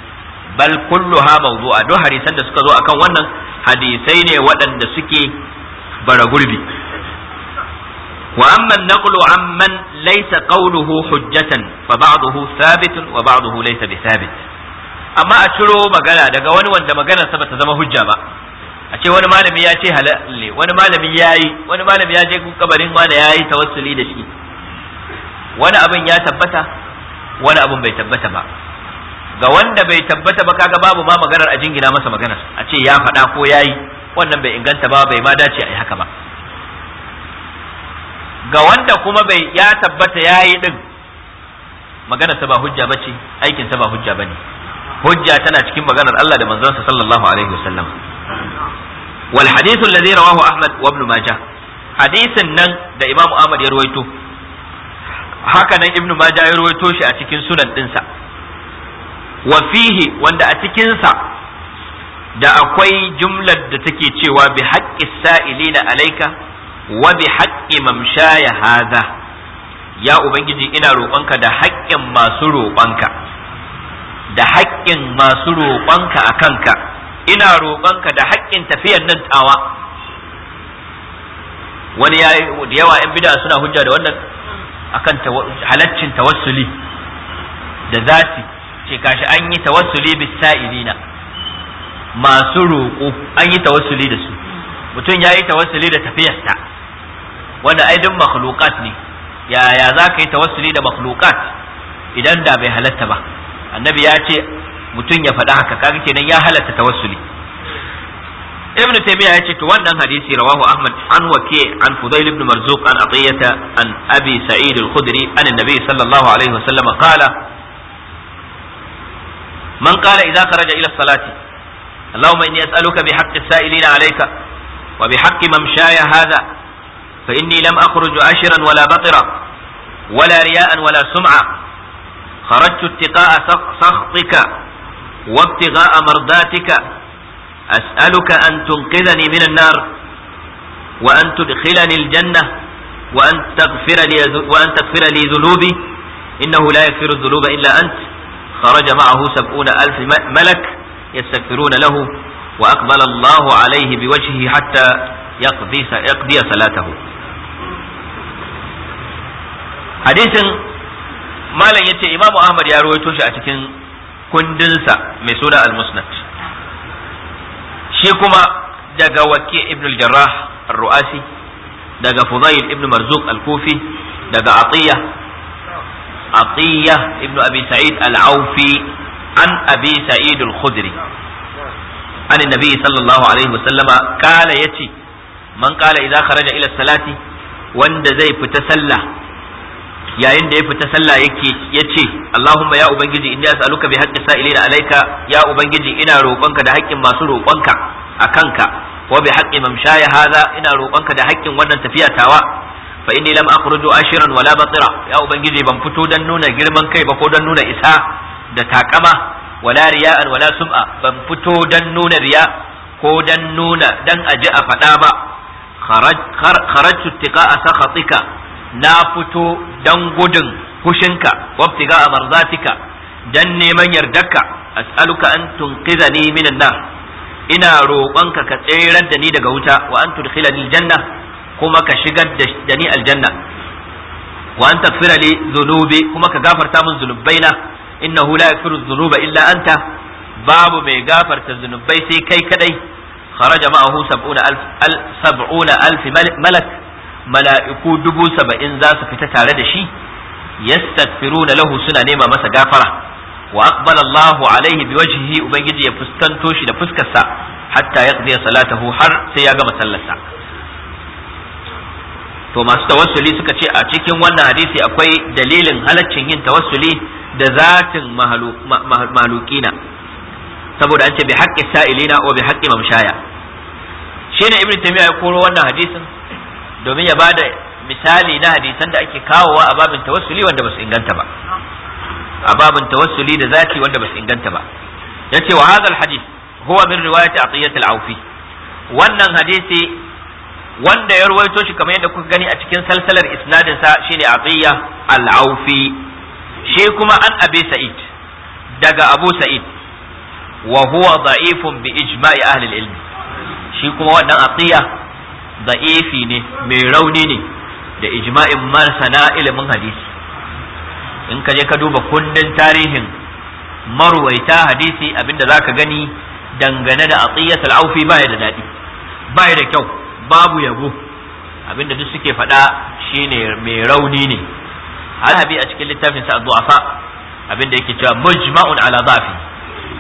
S1: bal kullu kulluha mawdu'a duk hadisan da suka zo akan wannan hadisai ne waɗanda suke bara gurbi wa amma an-naqlu amman laysa qawluhu hujjatan fa ba'dahu thabit wa ba'dahu laysa bi thabit amma a ciro magana daga wani wanda maganar sa bata zama hujja ba a ce wani malami ya ce halalle wani malami yayi wani malami ya je kabarin wani yayi tawassuli da shi wani abin ya tabbata wani abin bai tabbata ba ga wanda bai tabbata ba kaga babu ma maganar a jingina masa magana a ce ya faɗa ko yayi wannan bai inganta ba bai ma dace a yi haka ba ga wanda kuma bai ya tabbata ya yi din maganar ta ba hujja ce aikin ta ba hujja ne hujja tana cikin maganar Allah da manzansa sallallahu alaihi wasallam wal hadithu alladhi rawahu ahmad wa ibn majah hadisin nan da imamu ahmad ya rawaito haka nan ibnu majah ya rawaito shi a cikin sunan dinsa wa fihi wanda a cikinsa da akwai jumlar da take cewa bi haqqi sa'ilina alayka wa bi haqqi mamshaya hadha ya ubangiji ina roƙonka da haƙƙin masu roƙonka da haƙƙin masu roƙonka a kanka ina roƙonka da haƙƙin tafiyar nan tawa wani ya da yawa 'yan bida suna hujja da wannan akan halaccin tawassuli da zati ce kashi an yi tawassuli bis sa'ilina masu roƙo an yi tawassuli da su mutum ya yi tawassuli da tafiyarsa wanda ai duk makhluqat ne yaya za ka yi tawassuli da makhluqat idan da bai halatta ba annabi ya ce mutum ya faɗa haka kaga kenan ya halatta tawassuli sai ibn taymiya yace to wannan hadisi rawahu ahmad an waki an fudayl ibn marzuq an atiyata an abi sa'id al-khudri an an-nabi sallallahu alaihi wasallam qala man qala idza kharaja ila salati اللهم إني أسألك بحق السائلين عليك وبحق ممشاي هذا فإني لم أخرج أشرا ولا بطرا ولا رياء ولا سمعة خرجت اتقاء سخطك وابتغاء مرضاتك أسألك أن تنقذني من النار وأن تدخلني الجنة وأن تغفر لي وأن تغفر لي ذنوبي إنه لا يغفر الذنوب إلا أنت خرج معه سبعون ألف ملك يستغفرون له وأقبل الله عليه بوجهه حتى يقضي يقضي صلاته حديث ما yace imamu ahmad ya rawaito shi a cikin المسند. shi kuma daga waki ibn al-jarrah ar-ru'asi daga fudayl ibn marzuq al-kufi daga atiyya atiyya ibn abi al-aufi an abi sa'id al-khudri عن النبي صلى الله عليه وسلم قال يتي من قال إذا خرج إلى الصلاة وند زي فتسلى yayin da ya fita sallah yake ce Allahumma ya ubangiji inni as'aluka bi haqqi sa'ilina alayka ya ubangiji ina roƙonka da haƙƙin masu roƙonka akanka wa bi haqqi mamshaya hadha ina roƙonka da haƙƙin wannan tafiya tawa fa inni lam akhruju ashiran wala batira ya ubangiji ban fito dan nuna girman kai ba ko dan nuna isa da takama wala riya'an wala sum'a ban fito dan nuna riya ko dan nuna dan aji a faɗa ba kharajtu tiqa sakhatika na fito dan gudun fushinka wabtiga marzatika dan neman yardarka as'aluka an tunqidhani minan nar ina roƙonka ka tserar da ni daga wuta wa an janna kuma ka shigar da ni aljanna wa an taghfira li kuma ka gafarta min dhunubaina innahu la yaghfiru dhunuba illa anta babu mai gafarta zunubai sai kai kadai kharaja ma'ahu sab'una alf malak mala'iku dubu saba'in za su fita tare da shi na lahu suna nema masa gafara wa aqbala Allahu alaihi wajhihi ubangiji ya fuskanto shi da fuskarsa hatta yaqdi salatahu har sai ya gama sallarsa to masu tawassuli suka ce a cikin wannan hadisi akwai dalilin halaccin yin tawassuli da zatin mahalukina saboda an ce bi haƙƙi sa'ilina wa bi haƙƙi mamshaya shine ibn taymiya ya koro wannan hadisin domin ya bada misali na hadisan da ake kawowa a babin tawassuli wanda basu inganta ba a babin tawassuli da zaki wanda basu inganta ba yace wa hadha alhadith huwa min riwayati atiyat al-awfi wannan hadisi wanda ya ruwaito shi kamar yadda kuka gani a cikin salsalar isnadin sa shine atiya al-awfi shi kuma an abi sa'id daga abu sa'id wa huwa da'ifun bi ijma'i ahli al-ilm shi kuma wannan atiya Za'ifi ne mai rauni ne da ijma'in marsana ilimin hadisi in ka je ka duba kundin tarihin marwaita hadisi abinda za ka gani dangane da atiyyat al'aufi baya da daɗi baya da kyau babu yabo abinda duk suke faɗa shine mai rauni ne alhabi a cikin littafin sa du'afa abinda yake cewa mujma'un ala zafi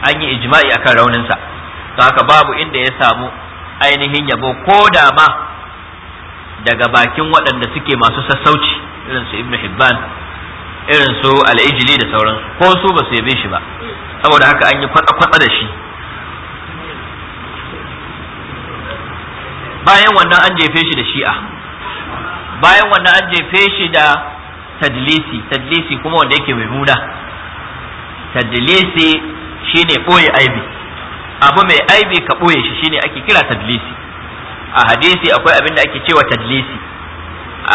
S1: an yi ijma'i akan rauninsa sa haka babu inda ya samu ainihin yabo ko da ma daga bakin waɗanda suke masu sassauci irin su ibnu hibban irin su al'ijili da sauran ko su ba su yabe shi ba saboda haka an yi kwatsa-kwatsa da shi bayan wannan an jefe shi da shi'a bayan wannan an jefe shi da tadlisi tadlisi kuma wanda yake mai muna tadlisi shine ɓoye aibi abu mai aibi ka ɓoye shi shine ake kira tadlisi a hadisi akwai abin da ake cewa tadlisi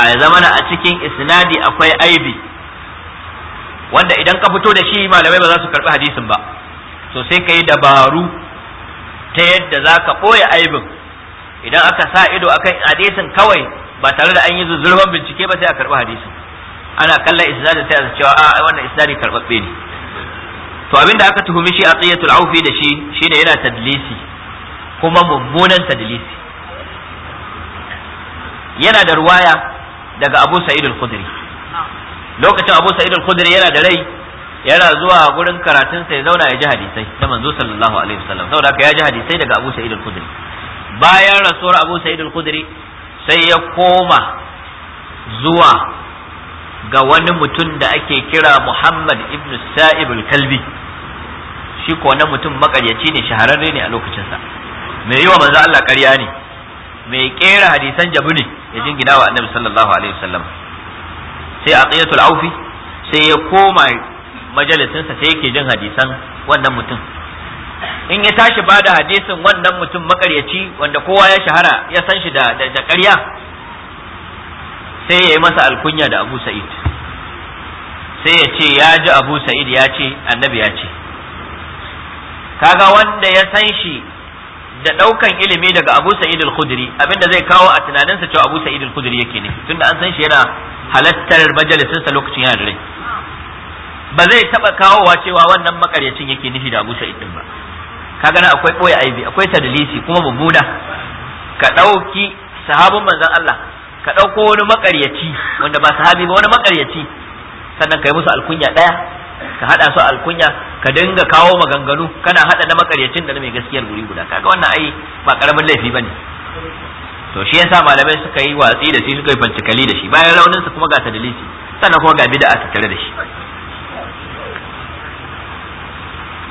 S1: a zamana a cikin isnadi akwai aibi wanda idan ka fito da shi malamai ba za su karbi hadisin ba to sai ka yi dabaru ta yadda za ka ɓoye aibin idan aka sa ido akan hadisin kawai ba tare da an yi zuzurban bincike ba sai a karbi hadisin ana kallon isnadi sai a cewa a wannan isnadi karbabbe ne to abinda aka tuhumi shi a tsiyatul aufi da shi shine yana tadlisi kuma mummunan tadlisi yana da ruwaya daga Abu Sa'id al-Khudri lokacin Abu Sa'id al-Khudri yana da rai yana zuwa gurin karatun sai zauna ya ji hadisai da manzo sallallahu alaihi wasallam saboda haka ya ji hadisai daga Abu Sa'id al-Khudri bayan rasuwar Abu Sa'id al-Khudri sai ya koma zuwa ga wani mutum da ake kira Muhammad ibn Sa'ib al-Kalbi shi ko wannan mutum makaryaci ne shahararre ne a lokacinsa mai yi wa manzo Allah ƙarya ne mai kera hadisan jabu ne ya jingina wa annabi sallallahu alaihi wasallam sai a aqiyatul aufi sai ya koma majalisinsa sai yake jin hadisan wannan mutum in ya tashi ba da hadisin wannan mutum makaryaci wanda kowa ya shahara ya san shi da karya sai ya yi masa alkunya da abu sa'id sai ya ce ya ji abu sa'id ya ce annabi ya ce kaga wanda ya san shi da daukan ilimi daga Abu Sa'id al-Khudri abinda zai kawo a tunaninsa cewa Abu Sa'id al-Khudri yake ne tunda an san shi yana halattar majalisin lokacin yana rai ba zai taba kawowa cewa wannan makaryacin yake nufi da Abu Sa'id din ba kaga na akwai boye aibi akwai tadlisi kuma mummuna ka dauki sahabban manzon Allah ka dauko wani makaryaci wanda ba sahabi ba wani makaryaci sannan kai musu alkunya daya ka hada su alkunya ka dinga kawo maganganu kana hada na makaryacin da mai gaskiyar guri guda kaga wannan ai ba karamin laifi bane to shi yasa malamai suka yi watsi da shi suka yi fancikali da shi bayan raunin sa kuma ga tadlisi sannan kuma ga bid'a ta tare da shi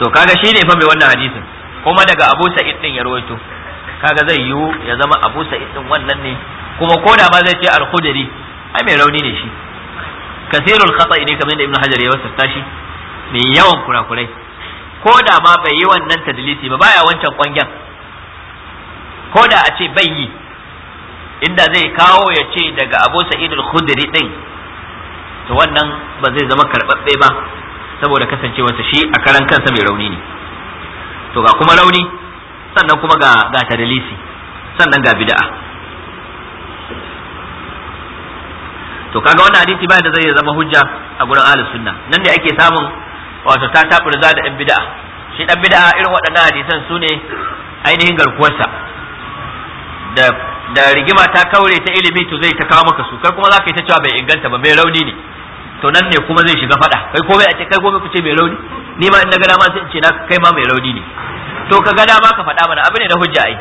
S1: to kaga shi ne fa mai wannan hadisin kuma daga Abu Sa'id din ya rawaito kaga zai yiwu ya zama Abu Sa'id din wannan ne kuma ko da ma zai ce al-Khudri ai mai rauni ne shi kasirul khata'i ne kamar da Ibn Hajar ya wasa shi mai yawan kurakurai ko da ma bai yi wannan tadlisi ba baya wancan kwangen ko da a ce bai yi inda zai kawo ya ce daga abu sa'idul khudri din to wannan ba zai zama karbabbe ba saboda kasancewarsa shi a karan kansa mai rauni ne to ga kuma rauni sannan kuma ga ga tadlisi sannan ga bid'a to kaga wannan hadisi ba da zai zama hujja a gurin ahlus sunna nan ne ake samun wato ta taburza da ɗan bida'a. shi ɗan bida'a irin waɗannan hadisan su ne ainihin garkuwarsa da rigima ta kaure ta ilimi to zai ta kawo maka su kai kuma za ka yi ta cewa bai inganta ba mai rauni ne to nan ne kuma zai shiga faɗa kai komai a ce kai komai ku ce mai rauni ni ma in na gada ma sai in ce na kai ma mai rauni ne to ka gada ma ka faɗa mana abu ne na hujja ai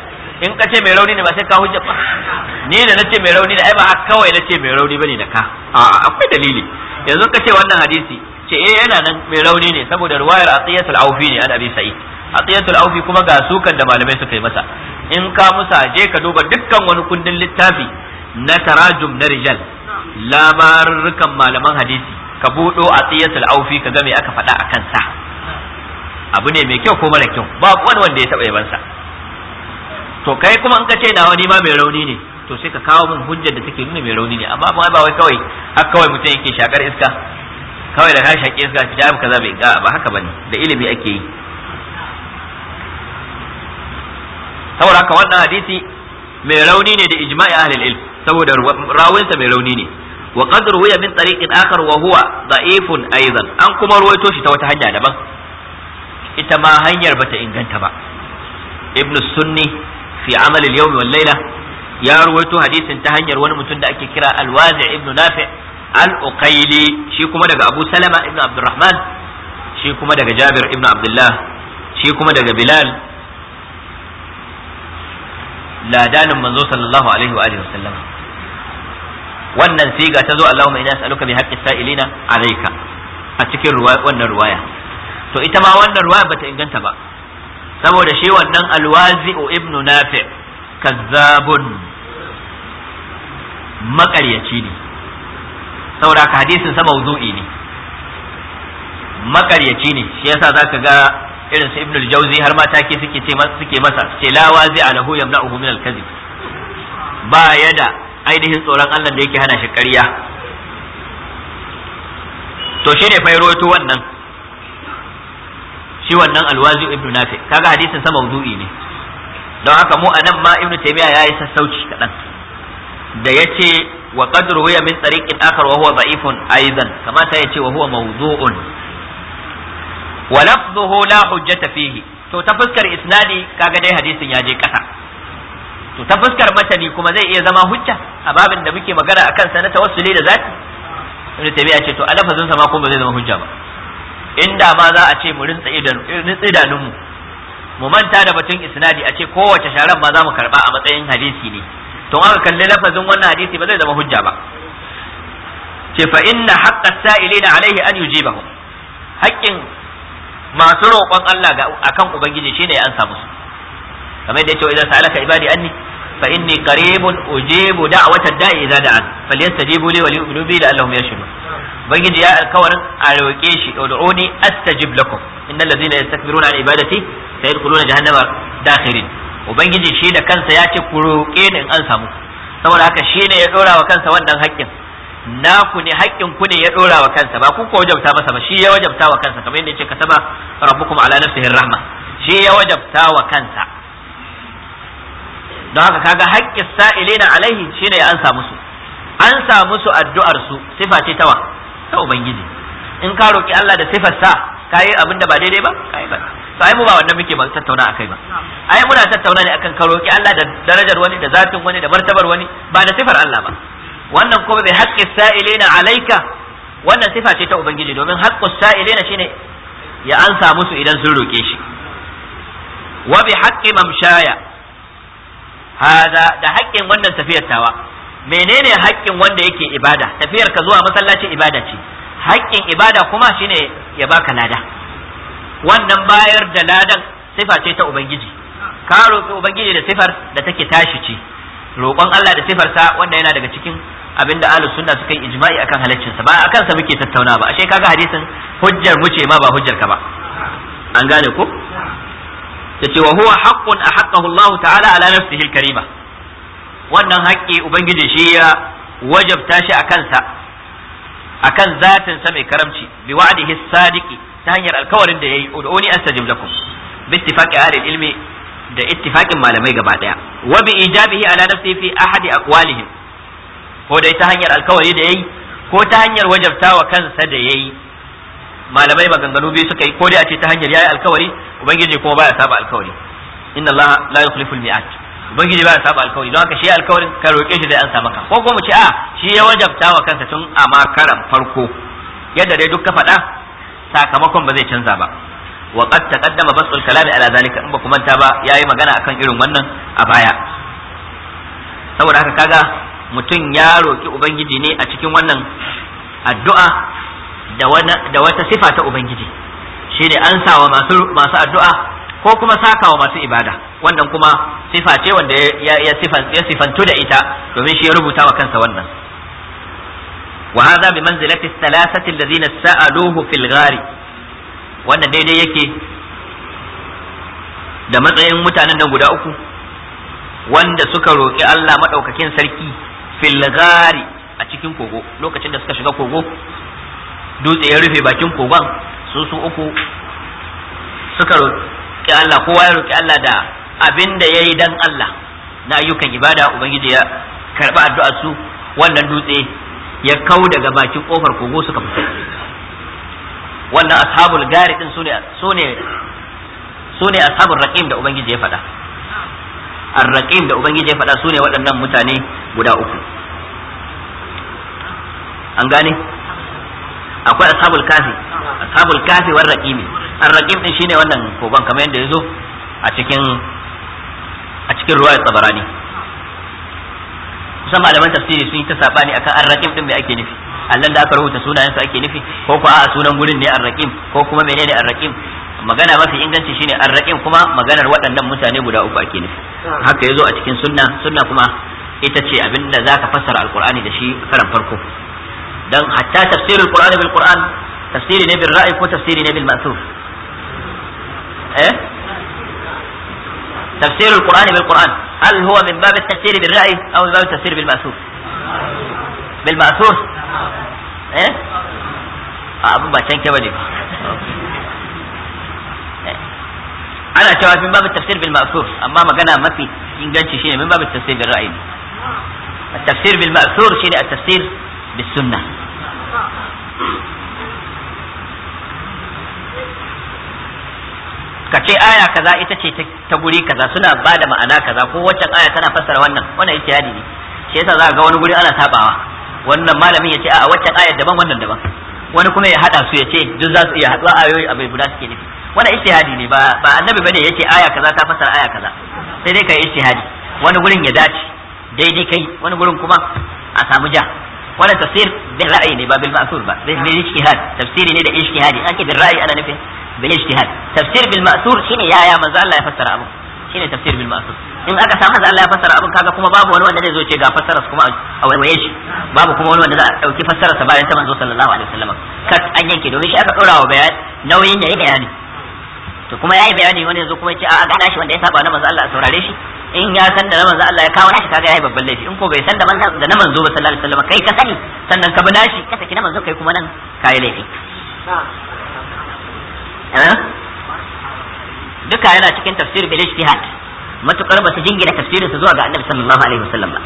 S1: in ka ce mai rauni ne ba sai ka hujja ba ni da na ce mai rauni ne ai ba kawai na ce mai rauni ba ne da ka a akwai dalili yanzu ka ce wannan hadisi ce eh yana nan mai rauni ne saboda ruwayar atiyatul aufi ne an abi sa'id atiyatul aufi kuma ga sukan da malamai suka yi masa in ka musa je ka duba dukkan wani kundin littafi na tarajum na rijal labarukan malaman hadisi ka budo atiyatul aufi ka ga me aka faɗa akan sa abu ne mai kyau ko mara kyau ba wani wanda ya taba yabansa to kai kuma in ka ce na wani ma mai rauni ne to sai ka kawo min hujjar da take nuna mai rauni ne amma ba wai kawai har kawai mutum yake shakar iska kawai da tashi haƙe suka fita abu kaza bai ga ba haka bane da ilimi ake yi saboda haka wannan hadisi mai rauni ne da ijma'i ahlul ilm saboda rawinsa mai rauni ne wa qad ruwiya min tariqin akhar wa huwa da'ifun aidan an kuma ruwaito shi ta wata hanya daban ita ma hanyar bata inganta ba ibn sunni fi amal yau yawm wal layla ya ruwaito hadisin ta hanyar wani mutum da ake kira al-wazi' Ibnu nafi' al-uqayli shi kuma daga abu salama ibn abdurrahman shi kuma daga jabir ibn abdullah shi kuma daga bilal ladanin manzo sallallahu alaihi wa alihi wasallam wannan siga ta zo Allahumma inna as'aluka bi haqqi sa'ilina alayka a cikin wannan ruwaya to ita ma wannan ruwaya bata inganta ba saboda shi wannan alwazi'u ibnu nafi' kazzabun maƙaryaci ne saboda ka hadisin sa mawdu'i ne makaryaci ne shi yasa zaka ga irin su al-jawzi har mata ke suke ce suke masa ce la wazi alahu yamna'uhu min al-kadhib ba yada ainihin tsoron Allah da yake hana shi ƙarya to shi ne to wannan shi wannan alwazi ibnu nafi kaga hadisin sa mawdu'i ne don haka mu anan ma ibnu taymiya yayi sassauci kadan da yace wa qad ruwiya min tariqin akhar wa huwa da'ifun aidan kamata yace wa huwa mawdu'un wa lafdhuhu la hujjata fihi to ta fuskar isnadi kaga dai hadisin ya je kasa to ta fuskar matani kuma zai iya zama hujja a babin da muke magana akan sa na tawassuli da zati ta tabi'a ce to a lafazin sa ma kuma zai zama hujja ba inda ma za a ce mu rinsa idanun mu manta da batun isnadi a ce kowace sharar ma za mu karba a matsayin hadisi ne to aka kalli lafazin wannan hadisi ba zai zama hujja ba ce fa inna haqqa sa'ilina alaihi an yujibahum haƙƙin masu roƙon Allah ga akan ubangiji shine ya ansa musu kamar yadda yace idan sa'alaka ibadi anni fa inni qaribun ujibu da'wata da'i idza da'an falyastajibu li wa liyu'minu bi la'allahum yashkurun ubangiji ya alkawarin a roƙe shi ud'uni astajib lakum innal ladzina yastakbiruna an ibadati sayadkhuluna jahannama dakhirin ubangiji shi da kansa ya ce ku roƙe ni in an samu saboda haka shi ne ya ɗora wa kansa wannan haƙƙin naku ne haƙƙin ku ne ya ɗora wa kansa ba ku ko wajabta masa ba shi ya wajabta wa kansa kamar yadda ya ce rabbukum ala nafsihi rahma shi ya wajabta wa kansa don haka kaga haƙƙin sa'ilina alaihi shine ya ansa musu an samu su addu'ar su sifa ce tawa ta ubangiji in ka roki Allah da sifar sa kayi abin da ba daidai ba kayi ba to ai mu ba wannan muke tattauna akai ba ai muna tattauna ne akan karoki Allah da darajar wani da zatin wani da martabar wani ba da sifar Allah ba wannan kuma bai haƙƙi sa'ilina alaika. wannan sifa ce ta ubangiji domin haqqu sa'ilina shine ya ansa musu idan sun roke shi wa bi haqqi mamshaya hada da haƙƙin wannan tafiyar tawa menene haƙƙin wanda yake ibada tafiyar ka zuwa masallaci ibada ce haƙƙin ibada kuma shine ya baka lada wannan bayar da ladan sifa ce ta ubangiji ka roƙi ubangiji da sifar da take tashi ce roƙon Allah da sifar sa wanda yana daga cikin abin da ahlus sunna suka yi ijma'i akan halaccinsa ba akan sa muke tattauna ba ashe kaga hadisin hujjar mu ma ba hujjar ka ba an gane ko tace wa huwa haqqun ahaqqahu Allah ta'ala ala nafsihi al-karima wannan haƙƙi ubangiji shi ya wajabta shi a kansa akan zatin sa mai karamci bi wa'dihi sadiqi ta hanyar alkawarin da yayi ud'uni astajib lakum bi ittifaqi ahli ilmi da ittifaqin malamai gaba daya wa bi ijabihi ala nafsi fi ahadi aqwalihim ko dai ta hanyar alkawari da yayi ko ta hanyar wajabtawa kansa da yayi malamai maganganu biyu suka yi ko dai a ce ta hanyar yayi alkawari ubangiji kuma baya saba alkawari inna allaha la yukhlifu miat ubangiji ba ya saba alkawari don haka shi alkawarin ka roƙe shi zai ansa maka ko kuma ce a shi ya wajabta wa kansa tun a makaran farko yadda dai duk ka faɗa sakamakon ba zai canza ba wa qad taqaddama basul kalami ala zalika in ba ku manta ba yayi magana akan irin wannan a baya saboda haka kaga mutum ya roƙi ubangiji ne a cikin wannan addu'a da wata sifa ta ubangiji shine an sawa masu addu'a ko kuma saka wa masu ibada wannan kuma sifa ce wanda ya sifantu da ita domin shi ya rubuta wa kansa wannan wa hadha bi manzilati thalathati alladhina sa'aluhu fil ghari wannan daidai yake da matsayin mutanen nan guda uku wanda suka roki Allah madaukakin sarki fil ghari a cikin kogo lokacin da suka shiga kogo dutse ya rufe bakin kogon su su uku suka roƙi Allah kowa ya roƙi Allah da abin da yayi dan Allah na ayyukan ibada ubangiji ya karba addu'ar su wannan dutse ya kau daga bakin kofar kogo suka fita wannan ashabul gari din sune sune sune ashabul raqim da ubangiji ya faɗa ar-raqim da ubangiji ya faɗa sune waɗannan mutane guda uku an gane akwai ashabul kafi ashabul kafi war raqimi ar-raqim din shine wannan koban kamar yadda yazo a cikin a cikin ruwayar tabarani kusan malaman tafsiri sun yi ta sabani akan ar-raqim din me ake nufi Allah da aka rubuta sunayen su ake nufi ko ko a sunan gurin ne ar-raqim ko kuma menene ar-raqim magana mafi inganci shine ar-raqim kuma maganar waɗannan mutane guda uku ake nufi haka yazo a cikin sunna sunna kuma ita ce abinda zaka fassara alqur'ani da shi karan farko dan hatta tafsirul qur'ani bil qur'an تفسير نبي الرأي هو تفسير نبي المأثور ايه تفسير القرآن بالقرآن هل هو من باب التفسير بالرأي او من باب التفسير بالمأثور بالمأثور ايه آه، ابو باشان كبالي انا شواف من باب التفسير بالمأثور اما ما قنا ما في ينجلش شيء من باب التفسير بالرأي التفسير بالمأثور شيء التفسير بالسنة ka ce aya kaza ita ce ta guri kaza suna ba da ma'ana kaza ko waccan aya tana fassara wannan wannan yadi ne shi yasa za ga wani guri ana sabawa wannan malamin ya ce a waccan aya daban wannan daban wani kuma ya hada su ya ce duk za su iya hadu ayoyi abai guda suke nufi wannan ijtihadi ne ba ba annabi bane yace aya kaza ta fassara aya kaza sai dai kai ijtihadi wani gurin ya dace daidai kai wani gurin kuma a samu ja wannan tafsir bil ra'ayi ne ba bil ma'thur ba bil ijtihad tafsiri ne da ijtihadi ake bil ra'ayi ana nufin bil ijtihad tafsir bil ma'thur shine yaya manzo Allah ya fassara abu shine tafsir bil ma'thur in aka samu manzo Allah ya fassara abu kaga kuma babu wani wanda zai zo ce ga fassara kuma a waye shi babu kuma wani wanda za a dauki fassara sa bayan ta manzo sallallahu alaihi wasallam kat an yanke domin shi aka dora wa bayan nauyin yayi bayani to kuma yayi bayani wani yanzu kuma ya ce a ga shi wanda ya saba na manzo Allah a saurare shi in ya san da manzo Allah ya kawo nashi kaga yayi babban laifi in ko bai san da manzo da na manzo ba sallallahu alaihi wasallam kai ka sani sannan ka bi nashi ka saki na manzo kai kuma nan kai laifi duka yana cikin tafsir bil ijtihad matukar ba su jingina tafsirin su zuwa ga annabi sallallahu alaihi wasallam ba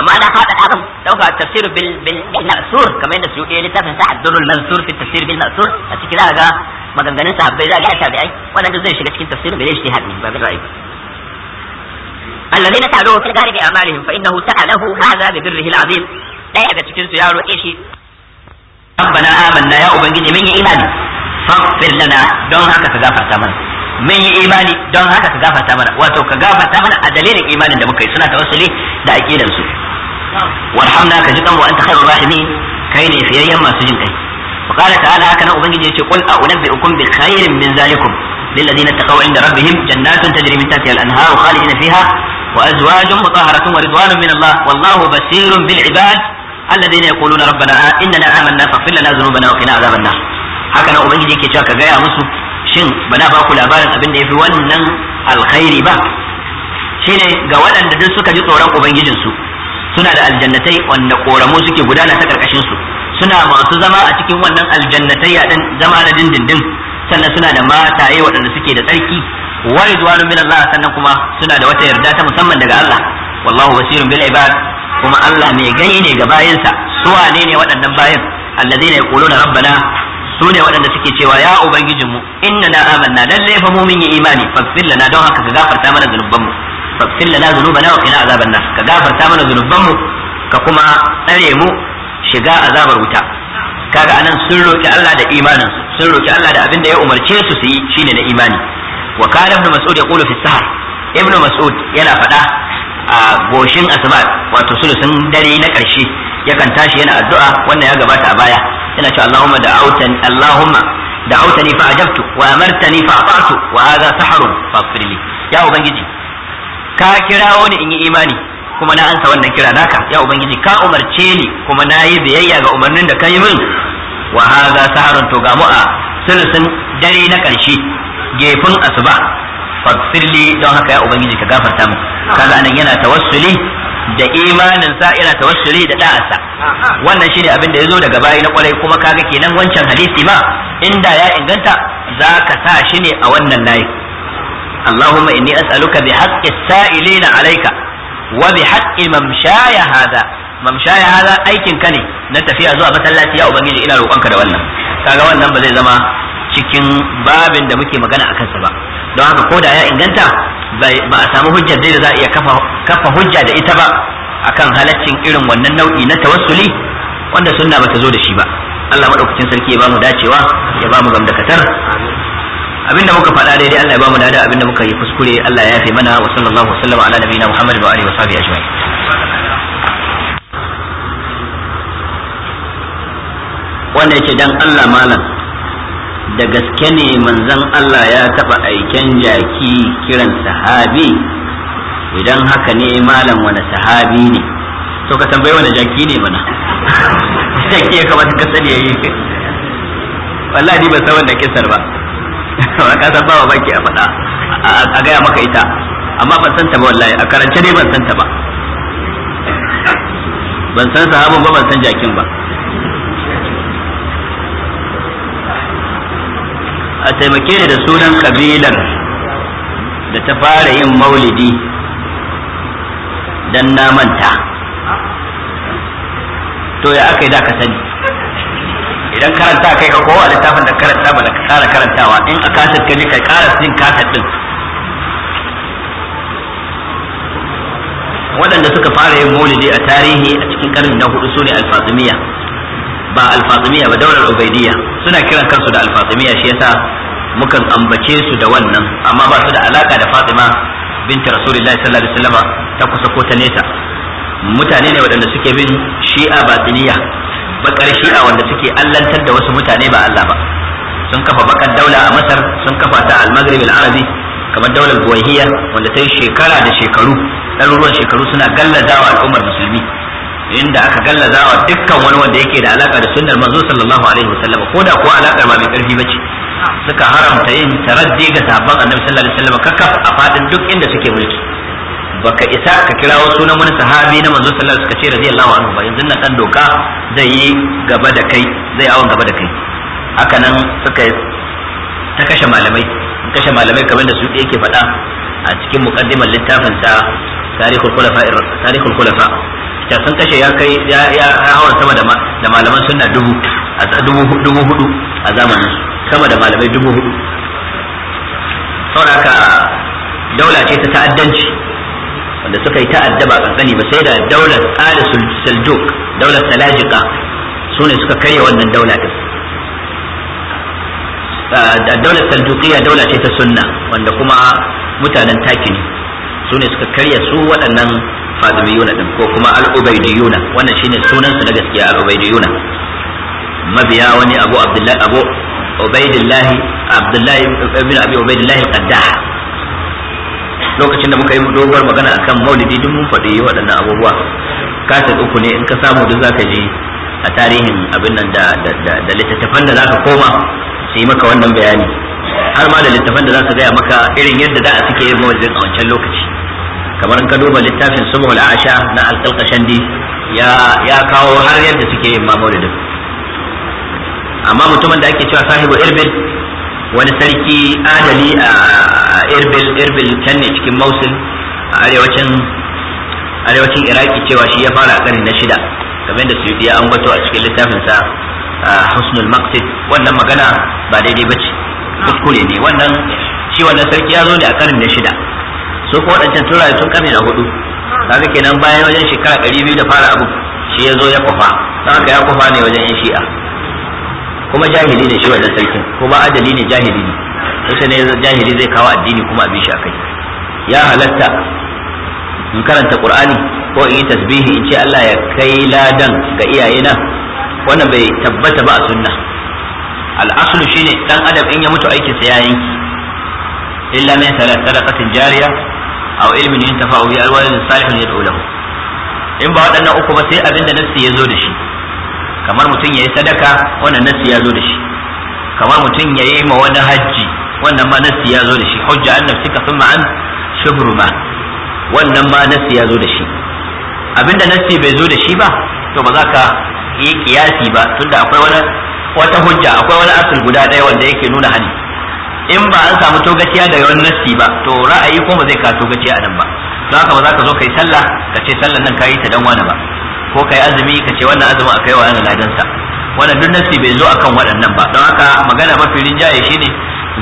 S1: amma ana fada da dauka tafsir bil bil ma'sur kamar yadda suyuti yi tafsir sa abdul mansur fi tafsir bil ma'sur a cikin za ga maganganun sahabbai za ga tabi'ai wannan duk zai shiga cikin tafsir bil ijtihad ne ba bil ra'yi الذين تعلوه في الغالب أعمالهم فإنه سأله هذا ببره العظيم لا يأبى تكنس يا روحي rabbana amanna ya ubangiji mun yi imani faghfir don haka ka gafarta mana mun imani don haka ka gafarta mana wato ka gafarta mana a dalilin imanin da muka yi suna tawassuli da aqidan su
S2: warhamna ka ji kan wa anta khairur rahimin
S1: kai ne fiyayyen masu jin kai وقال تعالى هكذا أبنجي يقول أنبئكم بخير من ذلكم للذين اتقوا عند ربهم جنات تجري من تحتها الأنهار خالدين فيها وأزواج مطهرة ورضوان من الله والله بصير بالعباد na yaquluna rabbana na amanna faghfir lana dhunubana wa qina azaban nar haka nan ubangiji yake cewa ka gaya musu shin bana na ba ku labarin abin da yafi wannan alkhairi ba shine ga waɗanda duk suka ji tsoron ubangijinsu suna da aljannatai wanda koramu suke gudana ta karkashin su suna masu zama a cikin wannan aljannatai dan zama na dindindin sannan suna da mataye waɗanda suke da tsarki wa ridwanu min Allah sannan kuma suna da wata yarda ta musamman daga Allah wallahu basirun bil ibad kuma Allah mai gani ne ga bayinsa su wane ne waɗannan bayin allazina na rabbana su ne waɗanda suke cewa ya ubangijinmu inna na amanna lalle fa mumin yi imani faghfir lana don haka ka gafarta mana zanubanmu faghfir lana zanubana wa qina azaban nar ka gafarta mana zanubanmu ka kuma tsare mu shiga azabar wuta kaga anan sun roki Allah da imanin sun roki Allah da abin da ya umarce su su yi shine na imani wa kana ibn mas'ud yaqulu fi sahar ibn mas'ud yana faɗa a goshin asuba wato sulusun dare na ƙarshe yakan tashi yana addu'a wannan ya gabata a baya yana cewa Allahumma da'awtani Allahumma da'awtani fa ajabtu wa amartani fa ata'tu wa hadha sahrun faghfirli ya ubangiji ka kirawo ni in yi imani kuma na ansa wannan kira naka ya ubangiji ka umarce ni kuma na yi biyayya ga umarnin da kai min wa hadha sahrun to ga mu'a a sulusun dare na ƙarshe gefin asuba faghfirli don haka ya ubangiji ka gafarta mu kaga anan yana tawassuli da imanin sa yana tawassuli da da'arsa wannan shine abin da yazo daga bayi na kwarai kuma kaga kenan wancan hadisi ma inda ya inganta zaka sa shi ne a wannan layi اللهم إني أسألك بحق السائلين عليك وبحق ممشاي هذا ممشاي هذا أيكن كني نتفي أزوا مثلا يا أبنجي إلى روقانك da wannan kaga wannan ba zai zama cikin babin da muke magana akan sa ba don haka ko da ya inganta ba a samu hujjar dai da za a iya kafa hujja da ita ba akan halaccin irin wannan nau'i na tawassuli wanda sunna bata zo da shi ba Allah madaukakin sarki ya bamu dacewa ya bamu gamdakatar abinda muka faɗa daidai Allah ya bamu dada abinda muka yi kuskure Allah ya yafe mana wa sallallahu wa sallama ala nabiyina Muhammad wa alihi wa sahbihi ajma'in wanda yake dan Allah malam da gaske ne manzan Allah ya taɓa aiken jaki kiran sahabi idan haka ne malam wani sahabi ne to ka tambayi wani jaki ne mana jaki ya kamata ka sani yayi ke wallahi ni ban san wannan kisar ba ka san ba baki a faɗa a gaya maka ita amma ban san ta ba wallahi a karance ne ban san ta ba ban san sahabin ba ban san jakin ba a taimake ni da sunan kabilar da ta fara yin maulidi dan na manta to ya aka yi da ka sani idan karanta kai ka kowa littafin da karanta ba da ka kara karantawa in a kasar ka ji ka kara sin kasar din waɗanda suka fara yin maulidi a tarihi a cikin karni na hudu su ne alfazumiya ba alfatsimiya ba daular ubaidiyya suna kiran kansu da alfatsimiya shi yasa mukan ambace su da wannan amma ba su da alaka da fatima binti rasulullahi sallallahu alaihi ta kusa ko ta nesa mutane ne waɗanda suke bin shi'a batiniya bakar shi'a wanda suke allantar da wasu mutane ba Allah ba sun kafa bakar daula a Masar sun kafa ta al-Maghrib al-Arabi kamar daular Buwayhiya wanda ta yi shekara da shekaru ɗaruruwan shekaru suna gallazawa al'ummar musulmi inda aka gallaza wa dukkan wani wanda yake da alaka da sunnar manzo sallallahu alaihi wasallam ko da kuwa alaka ba mai karfi bace suka haramta yin taraddi ga sahabban annabi sallallahu alaihi wasallam kakkaf a fadin duk inda suke mulki baka isa ka wasu sunan wani sahabi na manzo sallallahu alaihi wasallam suka ce radiyallahu anhu ba yanzu nan dan doka zai yi gaba da kai zai awon gaba da kai haka nan suka ta kashe malamai kashe malamai kamar da su yake faɗa a cikin muqaddimar littafin sa tarihul khulafa tarihul khulafa ta sun kashe ya kai ya hawa sama da malaman sunna dubu dubu hudu a zamanin sama da malamai dubu hudu saboda daula ce ta ta'addanci wanda suka yi ta'adda ba kankani ba sai da daular alisul saljuk daular salajika su ne suka karya wannan daula din daular saljukiya daula ce ta sunna wanda kuma mutanen taki ne su ne suka karya su waɗannan al-Qadimiyuna din ko kuma al-ubaydiyuna wannan shine sunan su na gaskiya al-ubaydiyuna mabiya wani abu abdullahi abu ubaydillah abdullahi ibn abi ubaydillah al-qaddah lokacin da muka yi dogon magana akan maulidi din mun faɗi waɗannan abubuwa kasar uku ne in ka samu duk zaka ji a tarihin abin nan da da littattafan da zaka koma su yi maka wannan bayani har ma da littattafan da zaka gaya maka irin yadda da suke yin maulidin a wancan lokaci kamar in ka duba littafin subhul asha na alƙalƙashandi ya ya kawo har yadda suke yin ma maulidin amma mutumin da ake cewa sahibu irbil wani sarki adali a irbil irbil can ne cikin mausul a arewacin arewacin iraki cewa shi ya fara a karni na shida kamar da suyuti ya ambato a cikin littafinsa husnul maqsid wannan magana ba daidai bace kuskure ne wannan shi wannan sarki ya zo ne a karni na shida su ko wadancan tun rayu tun karni na hudu kaga kenan bayan wajen shekara ɗari biyu da fara abu shi ya zo ya kufa don haka ya kufa ne wajen yan shi'a kuma jahili ne shi wajen sarkin ba adali ne jahili ne sai ne jahili zai kawo addini kuma a bishi akai ya halatta in karanta qur'ani ko in yi tasbihi in ce Allah ya kai ladan ga iyayena wannan bai tabbata ba a sunna al'aslu shine dan adam in ya mutu aikinsa ya yanki illa min sadaqatin jariya aw ilmin yuntafa'u bi alwalid salihun yad'u lahu in ba waɗannan uku ba sai abinda nassi ya zo da shi kamar mutum yayi sadaka wannan nassi ya zo da shi kamar mutum yayi ma wani hajji wannan ma nassi ya zo da shi hujja an nafsika thumma an shuhru ma wannan ma nassi ya zo da shi abinda nassi bai zo da shi ba to ba za ka yi kiyasi ba tunda akwai wani wata hujja akwai wani asul guda ɗaya wanda yake nuna hali. in ba an samu togaciya daga wani nasti ba to ra'ayi ko ba zai ka togaciya a nan ba don haka ba za ka zo kai sallah ka ce sallan nan ka yi ta dan wani ba ko kai azumi ka ce wannan azumin kai wa ana ladan sa wannan duk nasti bai zo akan waɗannan ba don haka magana mafi rinjaye shine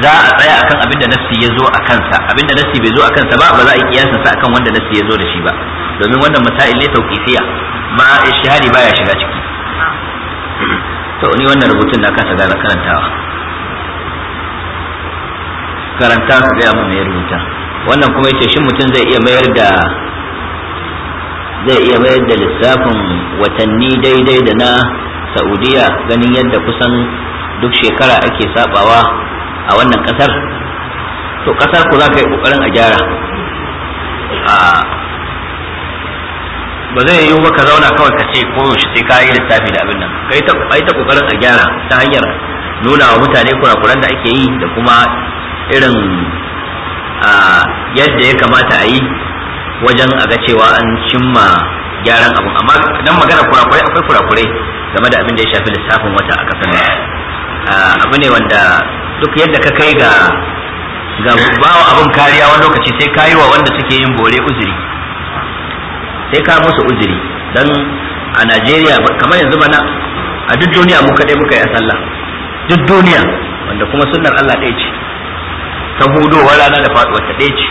S1: za a tsaya akan abin da nasti ya zo a kansa abin da nasti bai zo a kansa ba ba za a kiyasa sa akan wanda nasti ya zo da shi ba domin wannan masail ne tauqifiya ma ishtihadi baya shiga ciki to ni wannan rubutun na kasa gane karantawa karanta su gaya mu mai rubuta wannan kuma yace shin mutum zai iya mayar da zai iya mayar da lissafin watanni daidai da na saudiya ganin yadda kusan duk shekara ake sabawa a wannan kasar to kasar ku za ka yi kokarin a gyara ba zai yi ba ka zauna kawai ka ce ko shi sai ka yi lissafi da abin nan ka ta kokarin a gyara ta hanyar nuna wa mutane kurakuran da ake yi da kuma irin yadda ya kamata a yi wajen a ga cewa an cimma gyaran abu. amma dan magana kurakurai akwai kurakurai game da abin da ya shafi lissafin wata a kasar abu ne wanda duk yadda ka kai ga ga bawa abin kariya wani lokaci sai ka yi wa wanda suke yin bore uzuri sai ka musu uzuri dan a Najeriya kamar yanzu bana a duk duniya mu kaɗai muka yi a sallah duk duniya wanda kuma sunnar Allah ɗaya ce ta hudowar rana da faduwar ta ɗaya ce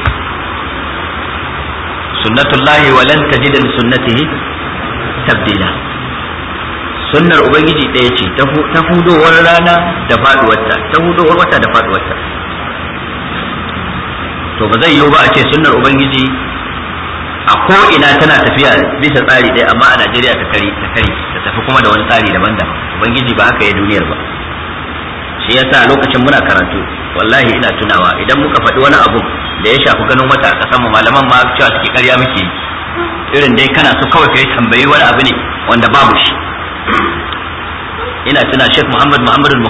S1: sunnatullahi wa lan tajida li sunnatihi tabdila sunnar ubangiji ɗaya ce ta hudowar rana da faduwar ta ta hudowar wata da faduwar ta to ba zai yiwu ba a ce sunnar ubangiji a ko ina tana tafiya bisa tsari ɗaya amma a Najeriya ta kare ta kare ta tafi kuma da wani tsari daban-daban ubangiji ba haka ya duniyar ba shi yasa lokacin muna karatu wallahi ina tunawa idan muka faɗi wani abu da ya shafi ganin wata a kasan malaman ma cewa suke ƙarya muke irin dai kana so kawai kai tambayi wani abu ne wanda babu shi ina tuna Sheikh Muhammad Muhammad al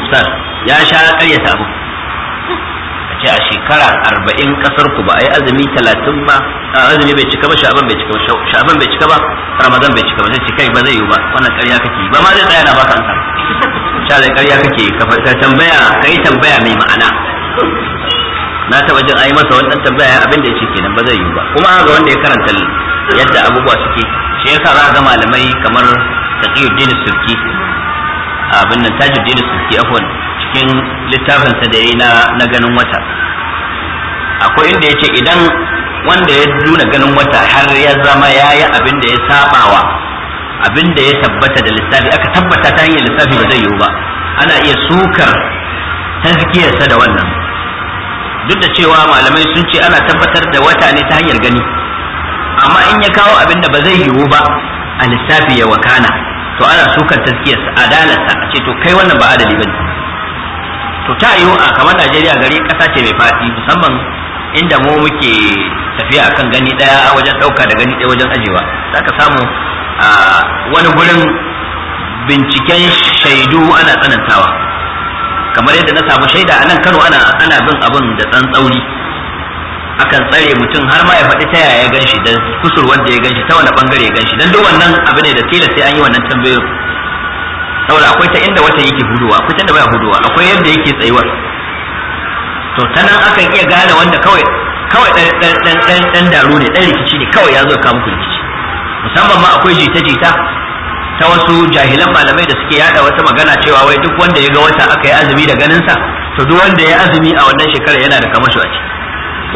S1: ya sha ƙaryata abu a ce a shekara arba'in kasar ku ba a yi azumi talatin ba azumi bai cika ba sha'aban bai cika ba sha'aban bai cika ba ramadan bai cika ba sai kai ba zai yi ba wannan ƙarya kake ba ma zai tsaya na baka ansa sha da ƙarya kake ka tambaya ka yi tambaya mai ma'ana na taɓa jin ayi masa wannan tambaya abin da ya kenan ba zai yi ba kuma ga wanda ya karanta yadda abubuwa suke shi yasa za ga malamai kamar taqiyuddin surki abin nan tajuddin surki afwan cikin littafin sa da yayi na na ganin wata akwai inda yace idan wanda ya nuna ganin wata har ya zama yayi abin da ya sabawa abin da ya tabbata da lissafi aka tabbata ta hanyar lissafi ba zai yiwu ba ana iya sukar tazkiyarsa da wannan duk da cewa malamai sun ce ana tabbatar da wata ne ta hanyar gani amma in ya kawo abin da ba zai yiwu ba a lissafi ya wakana to ana sukar tazkiyarsa adalarsa a ce to kai wannan ba adali ba to ta yiwu a kamar najeriya gari kasa ce mai faɗi musamman inda mu muke tafiya akan gani ɗaya wajen ɗauka da gani ɗaya wajen ajewa za ka samu a wani gurin binciken shaidu ana tsanantawa kamar yadda na samu shaida a nan kano ana ana bin abin da tsantsauri akan tsare mutum har ma ya faɗi ta yaya ya ganshi da kusur wanda ya ganshi ta wani bangare ya ganshi Don duk wannan abu ne da tela sai an yi wannan tambayoyin saboda akwai ta inda wata yake huduwa akwai ta inda baya huduwa akwai yadda yake tsayuwar to ta nan akan iya gane wanda kawai kawai ne ɗan rikici ne kawai ya zo ka muku rikici musamman ma akwai jita-jita ta wasu jahilan malamai da suke yada wata magana cewa wai duk wanda ya ga wata aka yi azumi da ganinsa to duk wanda ya azumi a wannan shekara yana da kamasho a ciki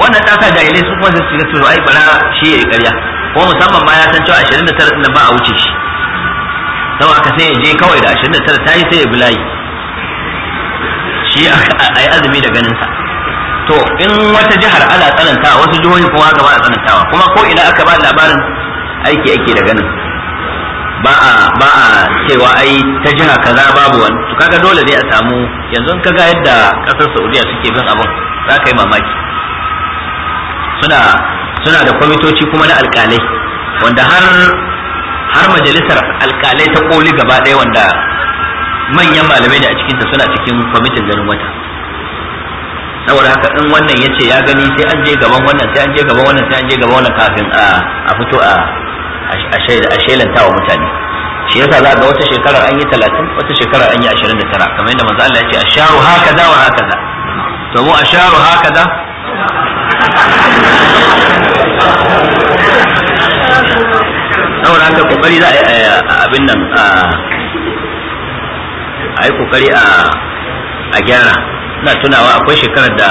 S1: wannan ta sa jahilai su kuma su ga su ai bara shi ya yi ƙarya ko musamman ma ya san cewa 29 din nan ba a wuce shi Sau aka sai ya je kawai da 29 ta yi sai ya bulayi layi shi a yi azumi da ganinsa to in wata jihar ana tsananta wasu jihohi kuma gaba a tsanantawa kuma ko ina aka ba labarin aiki ake daga nan ba a ba a cewa ai ta jiha kaza babu wani to kaga dole ne a samu yanzu in kaga yadda kasar Saudiya suke bin abin za ka yi mamaki suna suna da kwamitoci kuma na alkalai wanda har har majalisar alkalai ta koli gaba ɗaya wanda manyan malamai da a cikinta suna cikin kwamitin ganin wata saboda haka in wannan ya ce ya gani sai an je gaban wannan sai an je gaban wannan sai an je gaban wannan kafin a fito a a shelanta wa mutane shi yasa za ga wata shekarar an yi talatin wata shekarar an yi ashirin da tara kamar yadda manzo Allah ya ce asharu hakaza wa hakaza to mu asharu hakaza
S2: saboda haka kokari za a yi
S1: abin nan a yi kokari a gyara ina tunawa akwai shekarar da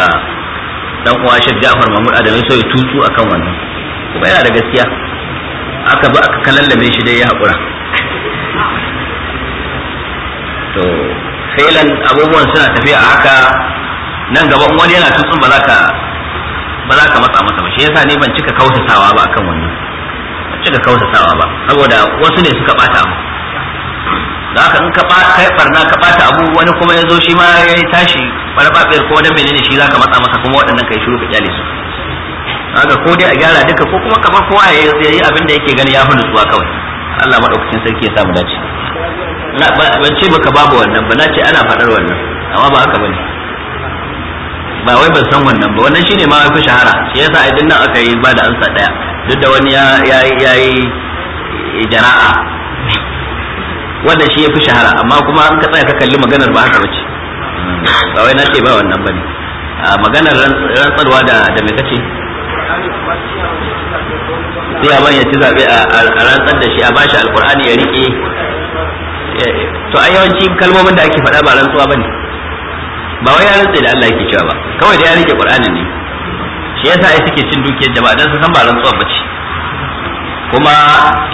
S1: dan uwa Sheikh Ja'far Mahmud Adamu sai tutu akan wannan kuma yana da gaskiya aka bi aka kalallame shi dai ya haƙura to filan abubuwan suna tafiya a haka nan gaban wani yana tutsun ba za ka ba za ka matsa masa ba shi yasa ni ban cika kautatawa ba akan wannan ban cika kautatawa ba saboda wasu ne suka bata abu da haka in ka kai barna ka bata abu wani kuma ya zo shi ma ya tashi barbabiyar ko wani menene shi za ka matsa masa kuma waɗannan kai shiru ka kyale su kaga ko dai a gyara duka ko kuma kamar kowa ya yi abin da yake gani ya fi nutsuwa kawai Allah madaukakin sarki ya samu dace ban ce baka babu wannan ba na ce ana faɗar wannan amma ba haka bane ba wai ban san wannan ba wannan shine ma fi shahara shi yasa a dinnan aka yi ba da ansa daya duk da wani ya ya yi jara'a wannan shi ya fi shahara amma kuma an ka tsaya ka kalli maganar ba haka bace ba wai na ce ba wannan bane maganar rantsarwa da da me kace sai a ya ci zaɓe a rantsar da shi a bashi alkur'ani ya riƙe to a yawanci kalmomin da ake faɗa ba rantsuwa ba ne ba wai ya rantsa da Allah yake cewa ba kawai da ya riƙe qur'ani ne shi yasa ai suke cin dukiyar jama'a dan su san ba rantsuwa ba ce kuma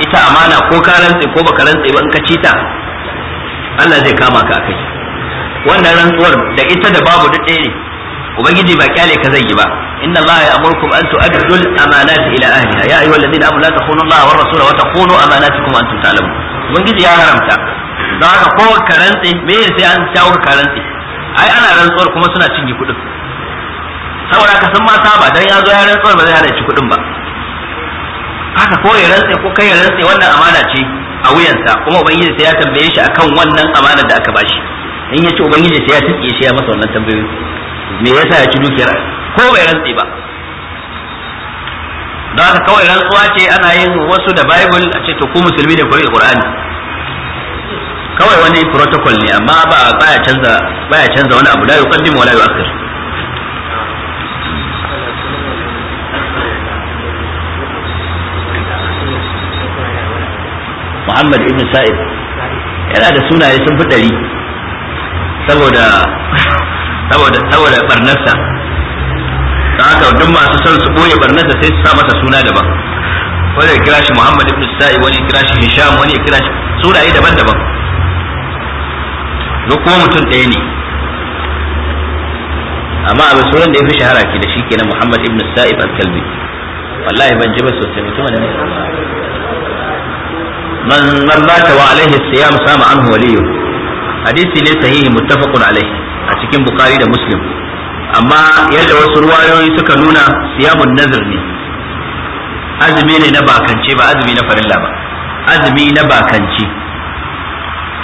S1: ita amana ko ka rantsa ko baka rantsa ba in ka ci ta Allah zai kama ka akai wannan rantsuwar da ita da babu duk ɗaya ne ubangiji ba kyale ka zai yi ba inna allaha ya'murukum an tu'addu al-amanat ila ahliha ya ayyuhal ladina amanu la takhunu allaha wa rasula wa taqulu amanatukum antum ta'lamun ubangiji ya haramta don haka ko karanti me sai an tawo karanti? ai ana rantsuwar kuma suna cinye kuɗin saboda ka san mata ba dan ya zo ya rantsuwar ba zai hana ci kuɗin ba haka ko ya rantse ko kai ya rantse wannan amana ce a wuyansa kuma ubangiji sai ya tambaye shi akan wannan amana da aka bashi in ya ce ubangiji sai ya tuke shi ya masa wannan tambayoyi me yasa ya ci dukiyar ko bai rantsi ba don haka kawai rantsuwa ce ana yin wasu da bible a ce to ku musulmi ne ku riƙe qur'ani kawai wani protocol ne amma ba baya canza baya canza wani abu la yuqaddimu wala la yu'akhir Muhammad ibn Sa'id yana da sunaye sun fi ɗari saboda saboda saboda barnarsa ta haka duk masu son su boye barnarsa sai su sa masa suna daban wani ya kira shi Muhammad ibn Sa'i wani ya kira shi Hisham wani ya kira shi sunaye daban-daban duk kuma mutum ɗaya ne amma abin sunan da ya fi shahara ke da shi kenan Muhammad ibn Sa'ib al-Kalbi wallahi ban ji ba sosai mutum ne man man mata wa alaihi siyam sama an waliyu hadisi ne sahihi muttafaqun alaihi a cikin bukari da muslim amma yadda wasu ruwayoyi suka nuna siyamun nazir ne azumi ne na bakance ba azumi na farilla ba azumi na bakance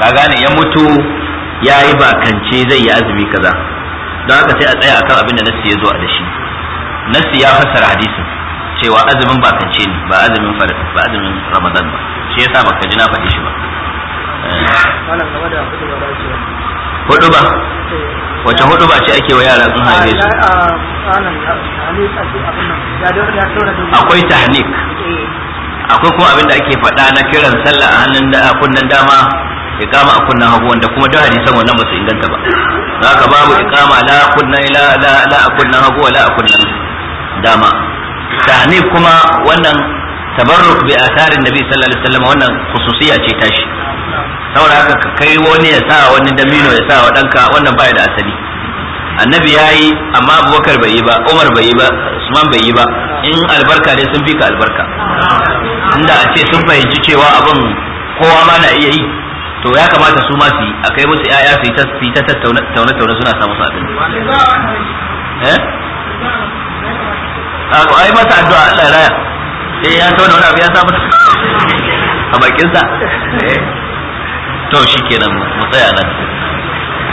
S1: ka gane ya mutu ya yi bakance zai yi azumi kaza don haka sai a tsaya akan abin da nassi ya zo da shi nassi ya fassara hadisi, cewa azumin bakance ne ba azumin ba azumin ramadan ba shi yasa baka ji na faɗi shi ba
S2: eh.
S1: hudu ba wace hudu ba ce ake wa yara sun haife su
S2: akwai tahnik eh.
S1: akwai kuma abin da ake faɗa na kiran sallah a hannun da kunnan dama ikama a kunnan hagu wanda kuma duk hadisan wannan ba su inganta ba Za ka babu ikama la kunnan la la la a kunnan hagu la a kunnan dama tahnik kuma wannan tabarruk bi atharin nabi sallallahu alaihi wasallam wannan khususiya ce tashi saboda haka kai wani ya sa wani damino ya sa wa danka wannan baya da asali annabi yayi amma abubakar bai yi ba umar bai yi ba usman bai yi ba in albarka ne sun bika albarka inda a ce sun fahimci cewa abin kowa ma na iya yi to ya kamata su ma su yi a kai musu yaya su yi ta tattaune-taune suna samu sadin eh ai masa addu'a Allah ya raya eh ya tauna wani abu ya sa mata a shi eh. to
S2: shi kenan mu tsaya nan